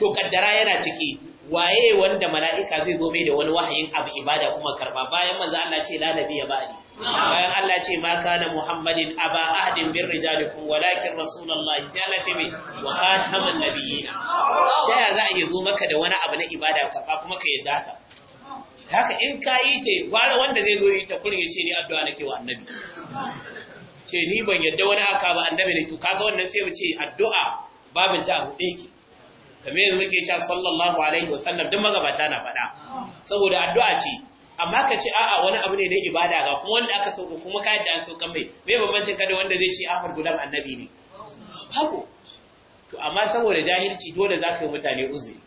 to kaddara yana ciki waye wanda mala'ika zai gobe da wani wahayin abu ibada kuma karba bayan manzo Allah ce la nabiyya ba'di bayan Allah ce ma kana muhammadin aba ahdin bir rijalikum walakin rasulullahi ya Allah ce mai wa khataman nabiyina ta ya za a yi zo maka da wani abu na ibada karba kuma ka yadda haka haka in ka yi ta gwara wanda zai zo yi ta kurin ya ce ni addu'a nake wa annabi ce ni ban yadda wani haka ba annabi ne to kaga wannan sai mu ce addu'a babin ta abu ɗaya kamar yanzu muke cewa sallallahu alaihi wasallam duk magabata na faɗa saboda addu'a ce amma ka ce a'a wani abu ne na ibada ga kuma wanda aka sauko kuma ka yadda an sauka mai me bambancin kada wanda zai ce ahar gulam annabi ne hago to amma saboda jahilci dole za ka yi mutane uzuri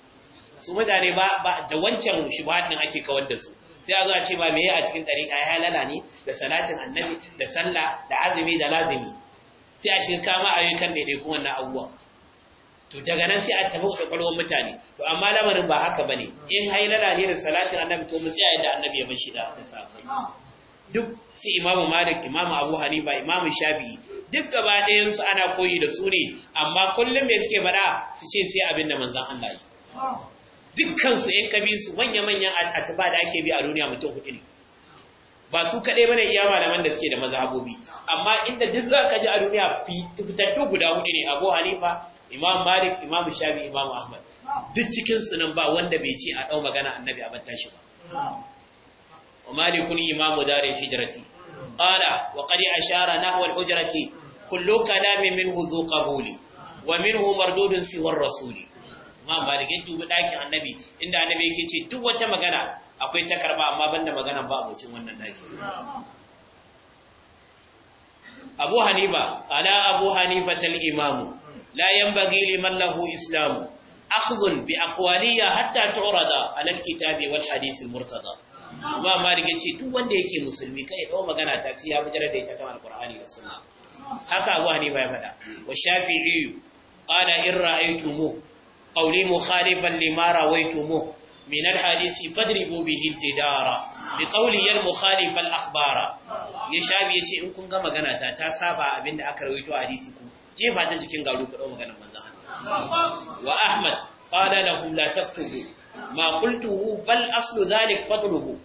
su mutane ba da wancan shubuhat ake kawar da su sai a zo a ce ba meye a cikin ɗariƙa ya halala ne da salatin annabi da sallah da azumi da lazimi sai a shiga kama ayyukan ɗaiɗaikun wannan abubuwan to daga nan sai a tafi da kwakwalwar mutane to amma lamarin ba haka bane in hailala ne da salatin annabi to mu tsaya yadda annabi ya mashi da duk su imamu malik imamu abu hanifa imamu shafi'i duk gaba ɗayan su ana koyi da su ne amma kullum me suke faɗa su ce sai abin da manzon Allah yi dukkansu ‘yan kabinsu manya a ataba da ake bi a duniya mutum hudu ne ba su kaɗai mana iya malaman da suke da mazhabobi amma inda duk za ka ji a duniya fitattu guda hudu ne abu Halifa, imam malik imam shafi imam ahmad duk cikin nan ba wanda bai ce a ɗau magana annabi a banta Tashi ba wa malikun imamu darin hijrati qala wa qad ashara nahwa al-hujrati kullu kalamin min dhu qabuli wa minhu mardudun siwar rasuli imam malik ya dubi ɗakin annabi inda annabi yake ce duk wata magana akwai ta karba amma banda magana ba abocin wannan ɗaki abu hanifa ala abu hanifa tal imamu la yanbaghi liman lahu islamu akhdhun bi aqwaliya hatta tu'rada ala kitabi wal hadith murtada. Amma ma ya ce duk wanda yake musulmi kai dawo magana ta sai ya bujara da ita kan alqur'ani da sunna haka abu hanifa ya fada wa shafi'i qala in mu. qawli mukhalifan lima rawaytumuh min alhadisi fadribu bihi jidara bi qawli al mukhalif al akhbara ya shabi yace in kun ga magana ta ta saba abinda aka rawaito a hadisi ku je ba ta cikin garu ku dau maganar manzon Allah wa ahmad qala lahu la taktubu ma qultuhu bal aslu dhalik fadluhu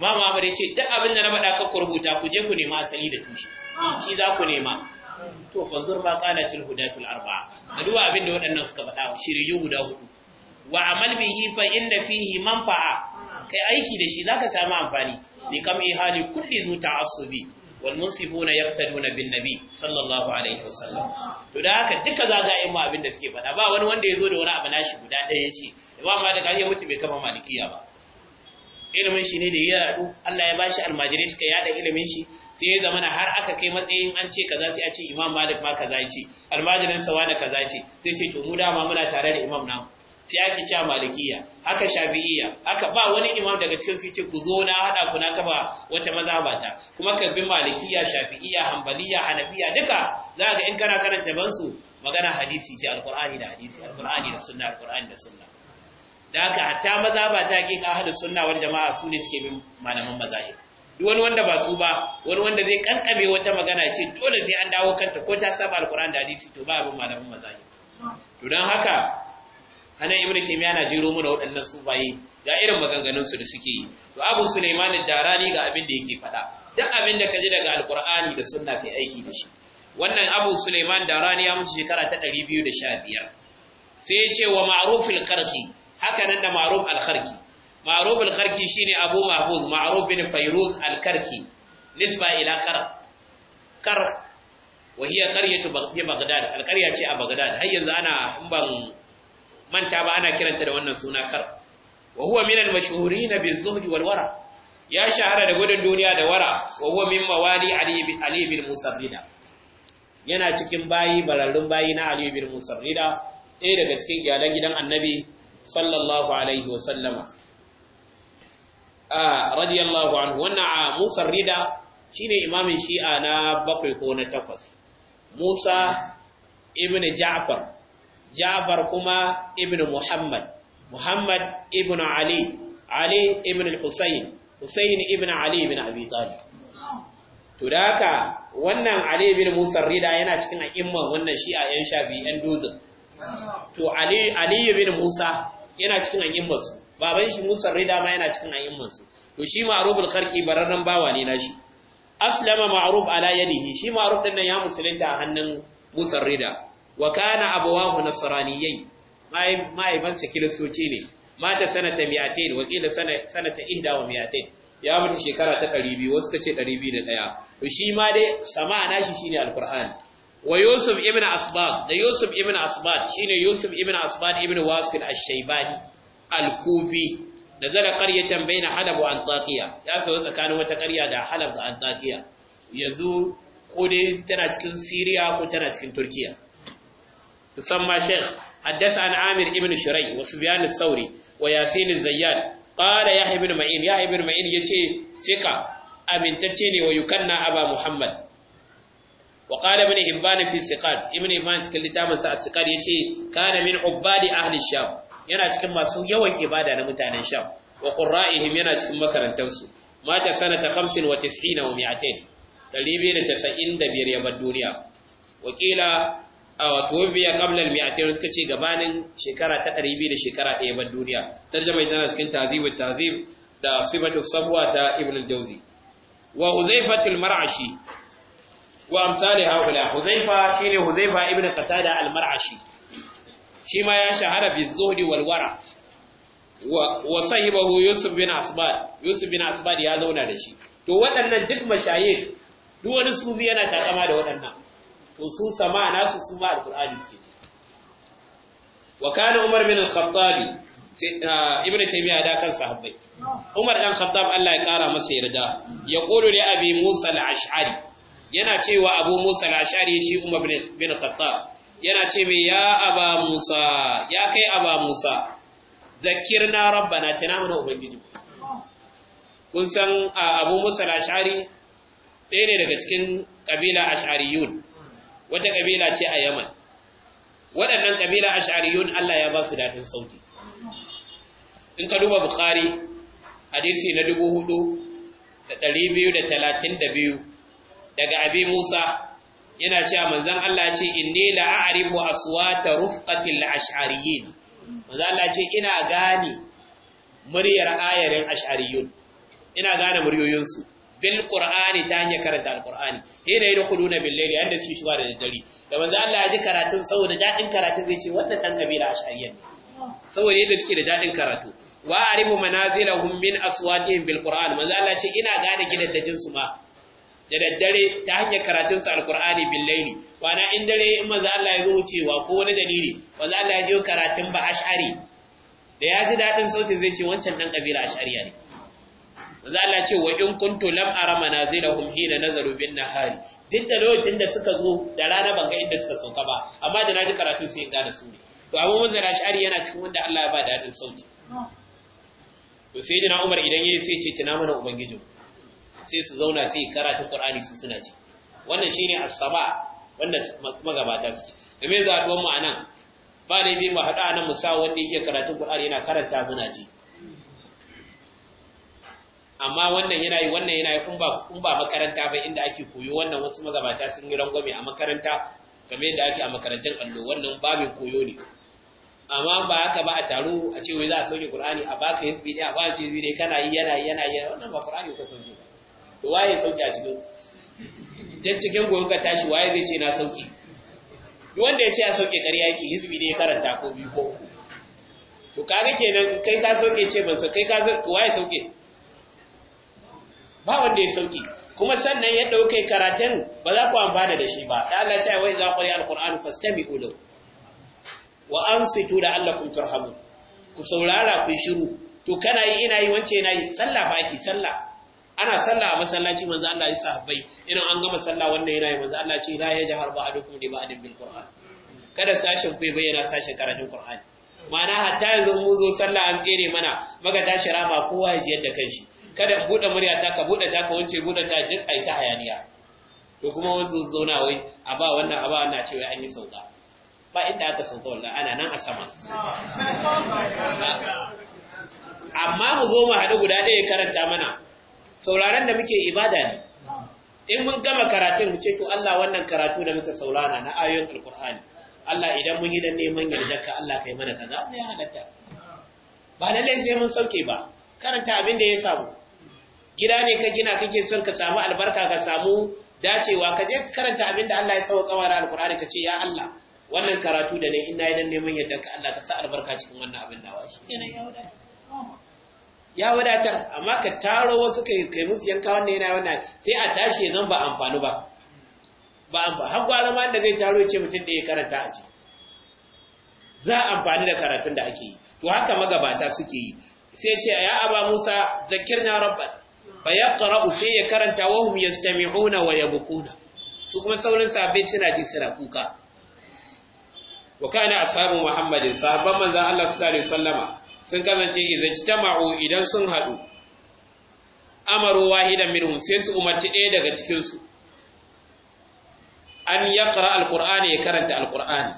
Ma ahmad yace duk abinda na faɗa ka ku rubuta ku je ku nema asali da tushe shi za ku nema to fanzur ma qalatil hudatul arba'a ka duba abin da waɗannan suka faɗa shiriyu guda hudu wa amal bihi fa inna fihi manfa'a kai aiki da shi zaka samu amfani Ni kam hali kulli zu ta'assubi wal munsifuna yaqtaduna bin nabi sallallahu alaihi wasallam to da haka duka zaga yin abin da suke faɗa ba wani wanda yazo da wani abu na nashi guda ɗaya yace imam malik ya mutu bai kama malikiya ba ilimin shi ne da ya yadu Allah ya bashi almajirai suka yada ilimin shi sai ya zamana har aka kai matsayin an ce kaza sai a ce imam malik ma kaza ce almajirin sawa na kaza ce sai ce to mu dama muna tare da imam namu sai ake cewa malikiya haka shafi'iyya haka ba wani imam daga cikin su ce ku zo na hada ku na kafa wata maza ta kuma karbin malikiya shafi'iya, hambaliya, hanafiya duka za ga in kana karanta ban su magana hadisi ce alqur'ani da hadisi alqur'ani da sunna alqur'ani da sunna da haka hatta mazhaba ta ke ahlus sunna wal jama'a su ne suke bin malaman mazahib duk wani wanda ba su ba wani wanda zai kankame wata magana ce dole sai an dawo kanta ko ta saba alquran da hadisi to ba abin malamin mazhabi to dan haka anan ibnu kimiya na jiro mu da su baye ga irin maganganun su da suke yi to abu sulaiman ad-darani ga abin da yake faɗa duk abin da kaji daga alqur'ani da sunna kai aiki da shi wannan abu sulaiman darani ya mutu shekara ta 215 sai ya ce wa ma'rufil kharqi haka nan da ma'ruf al-kharqi ma'ruf al-karki shine abu mahfuz ma'ruf bin fayruz al-karki nisba ila kar kar wa hiya qaryatu al-qarya ce a Bagdad. har yanzu ana in ban manta ba ana kiranta da wannan suna kar wa huwa min al ya shahara da gudun duniya da wara mawali ali bin yana cikin bayi balallun bayi na ali bin musarrida ɗaya daga cikin iyalan gidan annabi sallallahu alaihi wa sallama radiyallahu anhu wannan a Musa Rida shine imamin Shi'a na bakwai ko na takwas Musa ibn Ja'far Ja'far kuma ibn Muhammad Muhammad ibn Ali Ali ibn Husayn, Husayn ibn Ali ibn Abi Talib to da haka wannan Ali ibn Musa Rida yana cikin a'imman wannan Shi'a yan Shafi'i yan Dozin to Ali Ali ibn Musa yana cikin a'immansu baban shi Musa Rida ma yana cikin ayyuman su to shi Ma'ruful Kharqi bararran bawa ne nashi aslama Ma'ruf ala yadihi shi Ma'ruf din nan ya musulunta a hannun Musa Rida wa kana abawahu nasraniyai mai mai ban sa kiristoci ne mata sanata 200 wa kila sanata 100 ya mutu shekara ta 200 wasu kace 201 to shi ma dai sama nashi shine alqur'ani wa Yusuf ibn Asbad da Yusuf ibn Asbad shine Yusuf ibn Asbad ibn Wasil ash-Shaybani al-kufi da zara karya baina halab wa antaqiya ya sauka tsakanin wata karya da halab da antaqiya yanzu ko tana cikin Siriya ko tana cikin Turkiya musamman Sheikh haddasa an Amir ibn Shirai wasu Sufyan sauri wa Yasin zayyad qala Yahya Ma'in ya ibn Ma'in yace sika amintacce ne wa yukanna Aba Muhammad wa qala ibn Hibban fi ibn Hibban cikin littafin sa as-siqat yace kana min ubadi ahli sham yana cikin masu yawan ibada na mutanen sham wa qurra'ihim yana cikin makarantansu mata sanata 95 wa 200 295 ya bar duniya wakila a awa tuwiya qabla al-mi'atayn suka ce gabanin shekara ta 200 da shekara ɗaya bar duniya tarjuma tana cikin tahzib tahzib da sifatu sabwa ta ibn al-jawzi wa huzaifa al-mar'ashi wa amsal haula huzaifa shine huzaifa ibn qatada al-mar'ashi shi ma ya shahara bi zuhdi walwara. wara wa sahibahu yusuf bin asbad yusuf bin asbad ya zauna da shi to waɗannan duk mashayikh duk wani sufi yana takama da waɗannan to su sama nasu su ma alqur'ani suke wa kana umar bin al-khattab ah, ibnu taymiya da kan sahabbai umar dan khattab Allah ya kara masa yarda ya qulu li abi musa al-ash'ari yana cewa abu musa al-ash'ari shi umar bin khattab yana ce mai ya aba Musa ya kai aba Musa zakirna rabbana tana mana ubangiji kun san Abu Musa al-Ash'ari ɗaya ne daga cikin kabila Ash'ariyun wata kabila ce a Yaman waɗannan kabila Ash'ariyun Allah ya ba su dadin sauti. in ka duba Bukhari hadisi na da talatin biyu daga Abi Musa yana cewa manzon Allah ce inni la a'rifu aswata rufqatil ash'ariyyin manzon Allah ce ina gane muryar ayarin ash'ariyun ina gane muryoyin su bil qur'ani ta hanyar karanta alqur'ani hina yadkhuluna bil layli yanda suke shiga da daddare da manzon Allah ya ji karatun saboda dadin karatun zai ce wannan dan kabila ash'ariyyin saboda yadda suke da dadin karatu wa aribu manazilahum min aswatihim bil qur'an manzon Allah ce ina gane gidaddajin su ma da daddare ta hanyar karatun sa alqur'ani bil laili wana in dare in manzo Allah ya zo wa ko wani dalili manzo Allah ya ji karatun ba ash'ari da ya ji dadin sautin zai ce wancan dan kabila ash'ariya ne manzo Allah ya ce wa in kuntu lam ara manazilahum hina nazaru bin nahari duk da lokacin da suka zo da rana ban ga inda suka sauka ba amma da naji karatun sai in gane su ne to amma manzo ash'ari yana cikin wanda Allah ya ba dadin sauti to sayyidina Umar idan yayi sai ce tina mana ubangijinmu sai su zauna sai karatu Qur'ani su suna ji wannan shine as-sama wanda magabata suke game da duwan mu anan ba da bi mu hada anan mu sa wanda yake karatun Qur'ani yana karanta muna ji amma wannan yana yi wannan yana yi kun ba kun ba makaranta ba inda ake koyo wannan wasu magabata sun yi rangwame a makaranta kamar yadda ake a makarantar allo wannan babin koyo ne amma ba haka ba a taro a ce wai za a sauke qur'ani a baka hizbi dai a ba ce zai kana yi yana yi yana yi wannan ba qur'ani ko sauke to waye sauki a cikin dan cikin goyon ka tashi waye zai ce na sauki wanda ya ce ya sauke ƙarya yake hizbi ne ya karanta ko biyu ko uku to kaga kenan kai ka sauke ce ban kai ka waye sauke ba wanda ya sauke kuma sannan ya dauke karatun ba za ku amfana da shi ba da Allah ya ce wai za ku yi alqur'ani fastami'u lahu wa ansitu la'allakum turhamun ku saurara ku shiru to kana yi ina yi wance yana yi sallah ba ki sallah ana sallah a masallaci manzo Allah ya sahabbai idan an gama sallah wannan yana yi manzo Allah ce la ya jahar ba'adukum li ba'din bil qur'an kada sashin ku bayyana sashin karatun qur'an ma'ana hatta yanzu mu zo sallah an tsere mana maga tashi rama kowa ya ji yadda kanshi kada buɗe murya ta ka buɗe ta ka wuce buɗe ta duk ai ta hayaniya to kuma wanzu zauna wai a ba wannan a ba wannan ce wai an yi sauka ba inda aka sauka wallahi ana nan a sama amma mu zo mu haɗu guda ɗaya karanta mana sauraron da muke ibada ne in mun gama karatun mu ce to Allah wannan karatu da muka saurana na ayoyin alqur'ani Allah idan mun yi dan neman yardarka Allah kai mana kaza ne halatta ba lallai sai mun sauke ba karanta abin da ya samu gida ne ka gina kake son ka samu albarka ka samu dacewa ka je karanta abin da Allah ya sauka wa alqur'ani ka ce ya Allah wannan karatu da ne in yi dan neman yardarka Allah ka sa albarka cikin wannan abin nawa shi kenan ya wadata ya wadatar amma ka taro wasu ka kai musu yanka wannan yana wannan sai a tashi zan ba amfani ba ba amfa har gwara ma da zai taro ya ce mutum da ya karanta a ce za a amfani da karatun da ake yi to haka magabata suke yi sai ce ya aba musa zakirna rabban fa sai ya karanta wa hum yastami'una wa yabquna su kuma saurin sahabbai suna ji suna kuka wa kana ashabu muhammadin sahabban manzon Allah sallallahu alaihi wasallama sun kasance jama'u idan sun haɗu amaru wahidan minhum sai su umarci ɗaya daga cikin su an yaqra alqur'ani ya karanta alqur'ani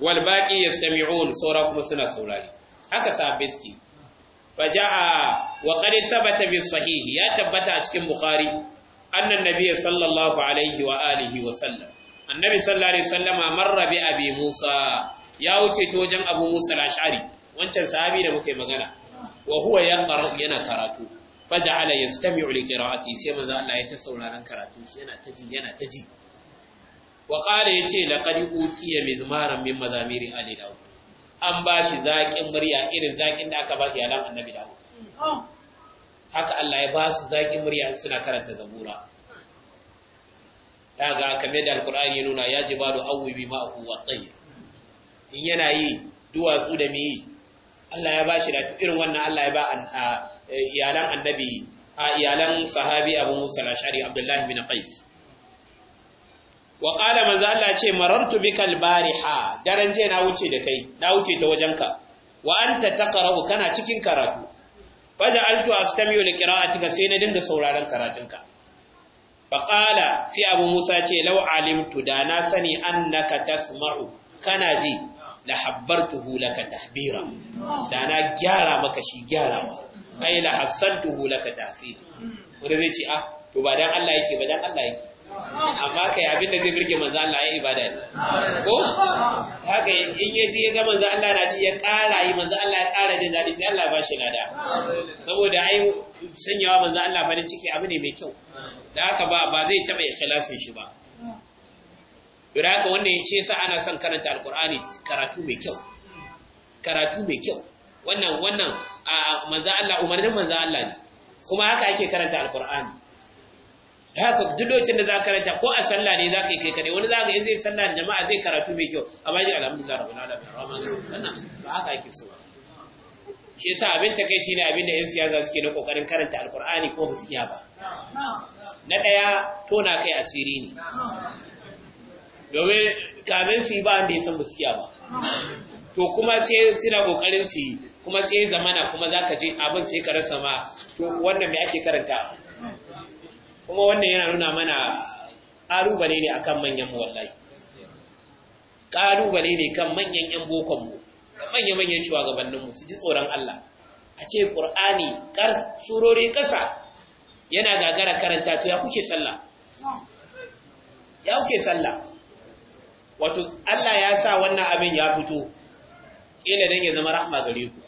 wal baqi yastami'un saura kuma suna saurari haka sahabbai suke faja'a wa qad sabata bi sahihi ya tabbata a cikin bukhari annan nabiyyi sallallahu alaihi wa alihi wa sallam annabi sallallahu alaihi wasallama marra bi abi musa ya wuce to wajen abu musa al-ash'ari wancan sahabi da muka yi magana wa huwa yaqra yana karatu faja'ala yastami'u li qira'ati sai manzo Allah ya ta sauraron karatu yana ta ji yana ta ji wa qala yace laqad utiya mizmaran min mazamiri ali dawud an bashi zakin murya irin zakin da aka ba shi alam annabi daud haka Allah ya ba su zakin murya suna karanta zabura daga kamar da alkur'ani ya nuna ya ji bado awwibi ma in yana yi duwatsu da mi Allah ya ba shi lafiya irin wannan Allah ya ba a e, iyalan annabi a iyalan sahabi Abu Musa al-Ash'ari Abdullah bin Qais wa qala manzo Allah ce marartu bikal bariha daren je na wuce da kai na wuce ta wajenka wa anta taqra'u kana cikin karatu altu astami'u li qira'atika sai na dinga sauraron karatunka fa qala sai Abu Musa ce law alimtu da na sani annaka tasma'u kana ji la habbartuhu laka tahbira da na gyara maka shi gyarawa ai la hasantuhu laka tahsina wanda zai ce ah to ba dan Allah yake ba dan Allah yake amma kai abin da zai birge manzo Allah ya ibada ne ko haka in ya ji ga manzo Allah na ji ya ƙara yi manzo Allah ya kara jin dadi sai Allah ba shi lada saboda ai sanyawa manzo Allah farin ciki abu ne mai kyau da haka ba ba zai taɓa ikhlasin shi ba Yau haka wannan ya ce sa ana son karanta alkur'ani karatu mai kyau. Karatu mai kyau. Wannan wannan manza Allah umarnin manza Allah ne. Kuma haka ake karanta alkur'ani. Haka duk lokacin da za ka karanta ko a sallah ne za ka yi kai kare wani za ka yi zai sallah da jama'a zai karatu mai kyau amma ji alhamdulillah rabbil alamin rahmanir wannan ba haka ake so ba. shi yasa abin takeici ne abin da yan siyasa suke na kokarin karanta alkur'ani ko ba su iya ba na daya tona kai asiri ne Dome kamin su yi ba wanda ya san ba su ba to kuma ce suna kokarin su yi kuma sai zamana kuma za ka je abin sai ka rasa ma to wannan me ake karanta kuma wannan yana nuna mana ƙalubale ne akan manyan mu wallahi ƙalubale ne kan manyan yan bokon mu manya-manyan shugabannin mu su ji tsoron Allah a ce Qur'ani kar surori kasa yana gagara karanta to ya kuke sallah ya kuke sallah wato Allah ya sa wannan abin ya fito ina dan ya zama rahama gare ku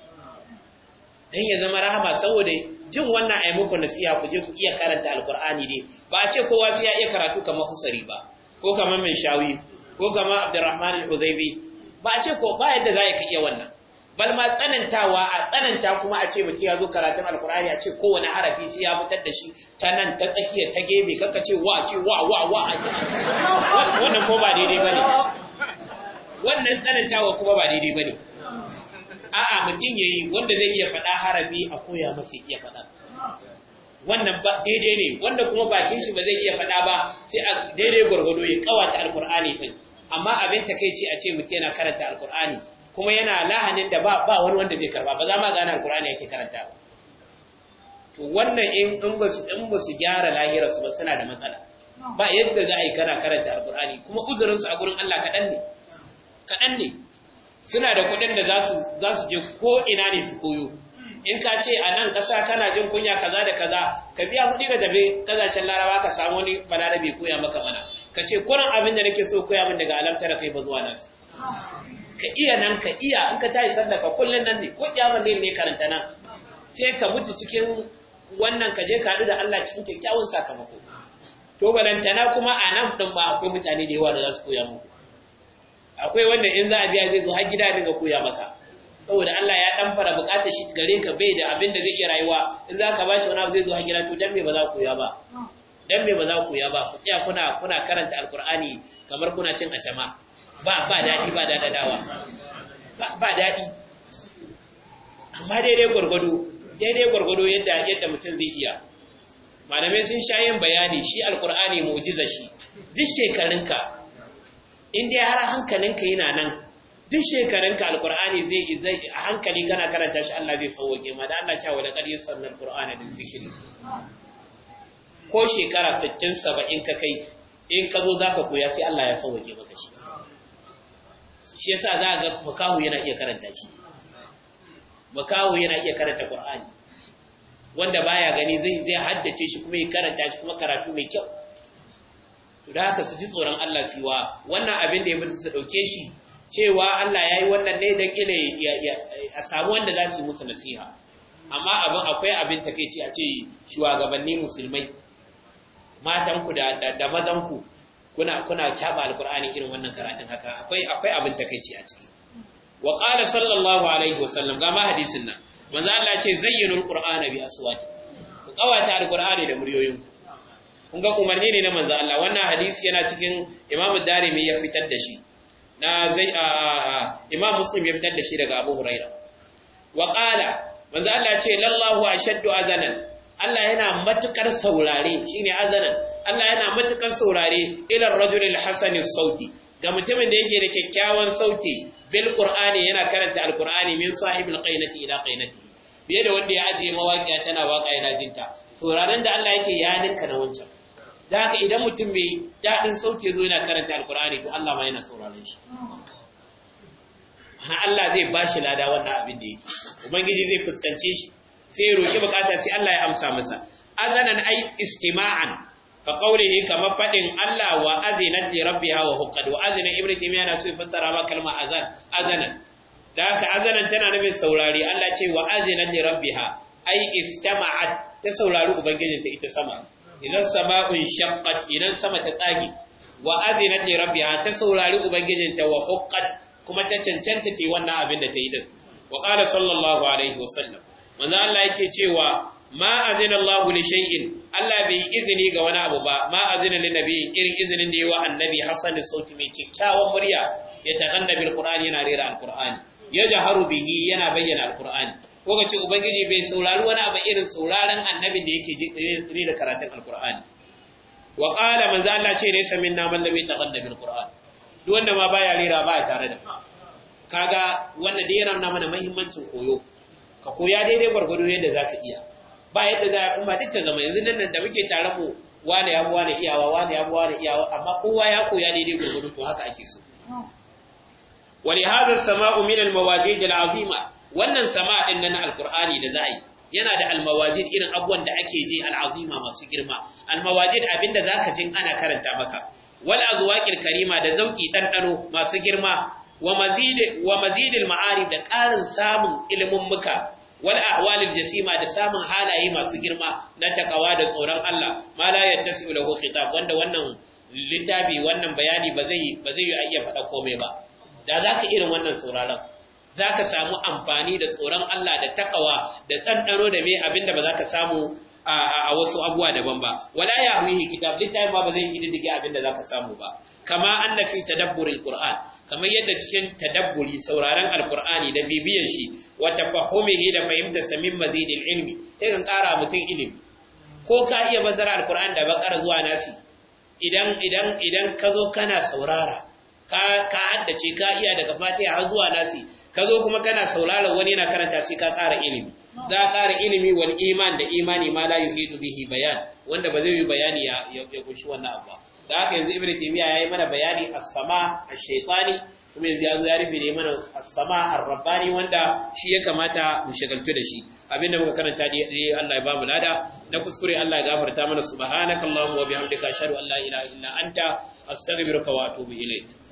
dan ya zama rahama saboda jin wannan ayi muku nasiha ku je ku iya karanta alqur'ani dai ba a ce kowa sai ya iya karatu kamar Husari ba ko kamar mai shawi ko kamar Abdurrahman al-Huzaibi ba a ce ko ba yadda za ka iya wannan bal ma tsanantawa a tsananta kuma a ce mutum ya zo karatun alkur'ani a ce kowane harafi sai ya fitar da shi ta nan ta tsakiya ta gebe kaka ce wa ce wa wa wa wannan ko ba daidai bane wannan tsanantawa kuma ba daidai bane a'a mutum yayi wanda zai iya faɗa harafi a koya masa iya faɗa wannan ba daidai ne wanda kuma bakin shi ba zai iya faɗa ba sai a daidai gwargwado ya kawata alkur'ani din amma abin takeici a ce mutum yana karanta alkur'ani kuma yana lahanin da ba wani wanda zai karba ba za ma gane alkurani yake karanta ba to wannan in in ba su in ba su gyara lahira su ba suna da matsala ba yadda za a yi kana karanta alkurani kuma uzurin su a gurin Allah kadan ne kadan ne suna da kuɗin da za su za su je ko ina ne su koyo in ka ce a nan kasa kana jin kunya kaza da kaza ka biya kuɗi ga tafi ƙasashen laraba ka samu wani balarabe koya maka mana ka ce kuran abin da nake so koya min daga alamtar kai ba zuwa nasu ka iya nan ka iya in ka tayi sallaka, kullun nan ne ko kiyama ne ne karanta nan sai ka mutu cikin wannan ka je ka haɗu da Allah cikin kyakkyawan sakamako to barantana kuma a nan din ba akwai mutane da yawa da za su koya muku akwai wanda in za a biya zai zo har gida dinga koya maka saboda Allah ya dan fara bukatar shi gare ka bai da abin da zai iya rayuwa in za ka bashi wani abu zai zo har gida to dan me ba za ku koya ba dan me ba za ku koya ba ku iya kuna kuna karanta alqur'ani kamar kuna cin acama ba ba daɗi ba dadawa ba daɗi amma daidai gwargwado daidai gwargwado yadda yadda mutum zai iya malamai sun sha yin bayani shi alkur'ani mu'jiza shi duk shekarunka in dai har hankalinka yana nan duk shekarunka alkur'ani zai zai a hankali kana karanta shi Allah zai sauke ma da Allah cewa sannan yassarna alqur'ana lizikri ko shekara 60 70 ka kai in ka zo zaka koya sai Allah ya sauke maka shi shi yasa za ga makahu yana iya karanta shi makahu yana iya karanta qur'ani wanda baya gani zai zai haddace shi kuma ya karanta shi kuma karatu mai kyau to da haka su ji tsoron Allah su wa wannan abin da ya musu su dauke shi cewa Allah ya yi wannan ne dan ile a samu wanda za su yi musu nasiha amma abin akwai abin takeici a ce shugabanni musulmai matanku da da mazanku kuna kuna caba alqur'ani irin wannan karatun haka akwai akwai abin takeici a ciki wa qala sallallahu alaihi wasallam ga ma hadisin nan manzo Allah ce zayyinul qur'ana bi aswati ku kawata alqur'ani da muryoyin kun ga umarni ne na manzo Allah wannan hadisi yana cikin Imam Darimi ya fitar da shi na zai Imam Muslim ya fitar da shi daga Abu Hurairah wa qala manzo Allah ce lallahu ashaddu azanan Allah yana matukar saurare shine azanan Allah yana matukan saurare ilar rajulil hasanin sauti ga mutumin da yake da kyakkyawan sauti bil qur'ani yana karanta alqur'ani min sahibil qainati ila qainati biye da wanda ya ajiye mawaƙiya tana waka yana jinta sauraron da Allah yake ya ninka na wancan da haka idan mutum mai daɗin sauti zo yana karanta alqur'ani to Allah ma yana sauraron shi ma'ana Allah zai bashi lada wannan abin da yake ubangiji zai fuskance shi sai ya roki bukata sai Allah ya amsa masa azanan ai istima'an ka qawlihi kamar fadin Allah wa azinat li rabbiha wa huqqad wa azina ibnu taymiya na so fassara ma kalma azanan da haka azanan tana nufin saurari Allah ce wa azinat li rabbiha ai istama'at ta saurari ubangijinta ita sama idan sama sama'un shaqqat idan sama ta tsage wa azinat li rabbiha ta saurari ubangijinta wa huqqad kuma ta cancanta ke wannan abin da ta yi din wa qala sallallahu alaihi wa sallam manzo Allah yake cewa ma azina Allahu li shay'in Allah bai izini ga wani abu ba ma azina lin nabi irin izinin da yawa annabi hasan sauti mai kikkiawan murya ya tahanna bil qur'ani yana rera al qur'ani ya jaharu bihi yana bayyana al qur'ani ko ka ce ubangiji bai saurari wani abu irin sauraron annabi da yake eh, rera karatun al qur'ani wa qala manzo Allah ce ne samin na man lam yatahanna bil qur'ani duk wanda ma baya rera ba tare da kaga wanda da yana mana muhimmancin koyo ka koya daidai gwargwado yadda zaka iya ba yadda za a kuma duk ta zama yanzu nan da muke tare mu wane ya wane iyawa wane ya wane iyawa amma kowa ya koya ne dai gurgurun to haka ake so Wani hadha as-sama'u min al-mawajid al-azima wannan sama'a din nan al-qur'ani da yi yana da al-mawajid irin abuwan da ake ji al-azima masu girma al-mawajid abinda zaka jin ana karanta maka wal azwaqil karima da zauki ɗanɗano masu girma wa mazid wa mazidil ma'arif da ƙarin samun ilimin muka wal ahwalil jasima da samun halaye masu girma na takawa da tsoron Allah ma la yattasi'u lahu khitab wanda wannan littafi wannan bayani ba zai ba zai iya faɗa komai ba da zaka irin wannan sauraron zaka samu amfani da tsoron Allah da takawa da tsantsaro da me abinda ba zaka samu a wasu abuwa daban ba wala yahwihi kitab littafin ba ba zai yi diddige abinda zaka samu ba kama anna fi tadabburil qur'an kamar yadda cikin tadabburi sauraron alkur'ani da bibiyan shi wa tafahumihi da fahimta samin mazidil ilmi yakan kara mutum ilimi ko ka iya bazara alkur'ani da bakar zuwa nasi idan idan idan ka zo kana saurara ka ka haddace ka iya daga fatiha har zuwa nasi ka zo kuma kana saurara wani yana karanta sai ka kara ilimi za ka ƙara ilimi wal iman da imani ma la yuhidu bihi bayan wanda ba zai yi bayani ya ya kunshi wannan abu ba da haka yanzu ibnu taymiya yayi mana bayani as-sama ash-shaytani kuma yanzu ya zo ya rufe ne mana as-sama ar-rabbani wanda shi ya kamata mu shagaltu da shi Abin da muka karanta dai Allah ya ba mu lada na kuskure Allah ya gafarta mana subhanakallahumma wa bihamdika ashhadu an la ilaha illa anta astaghfiruka wa atubu ilayk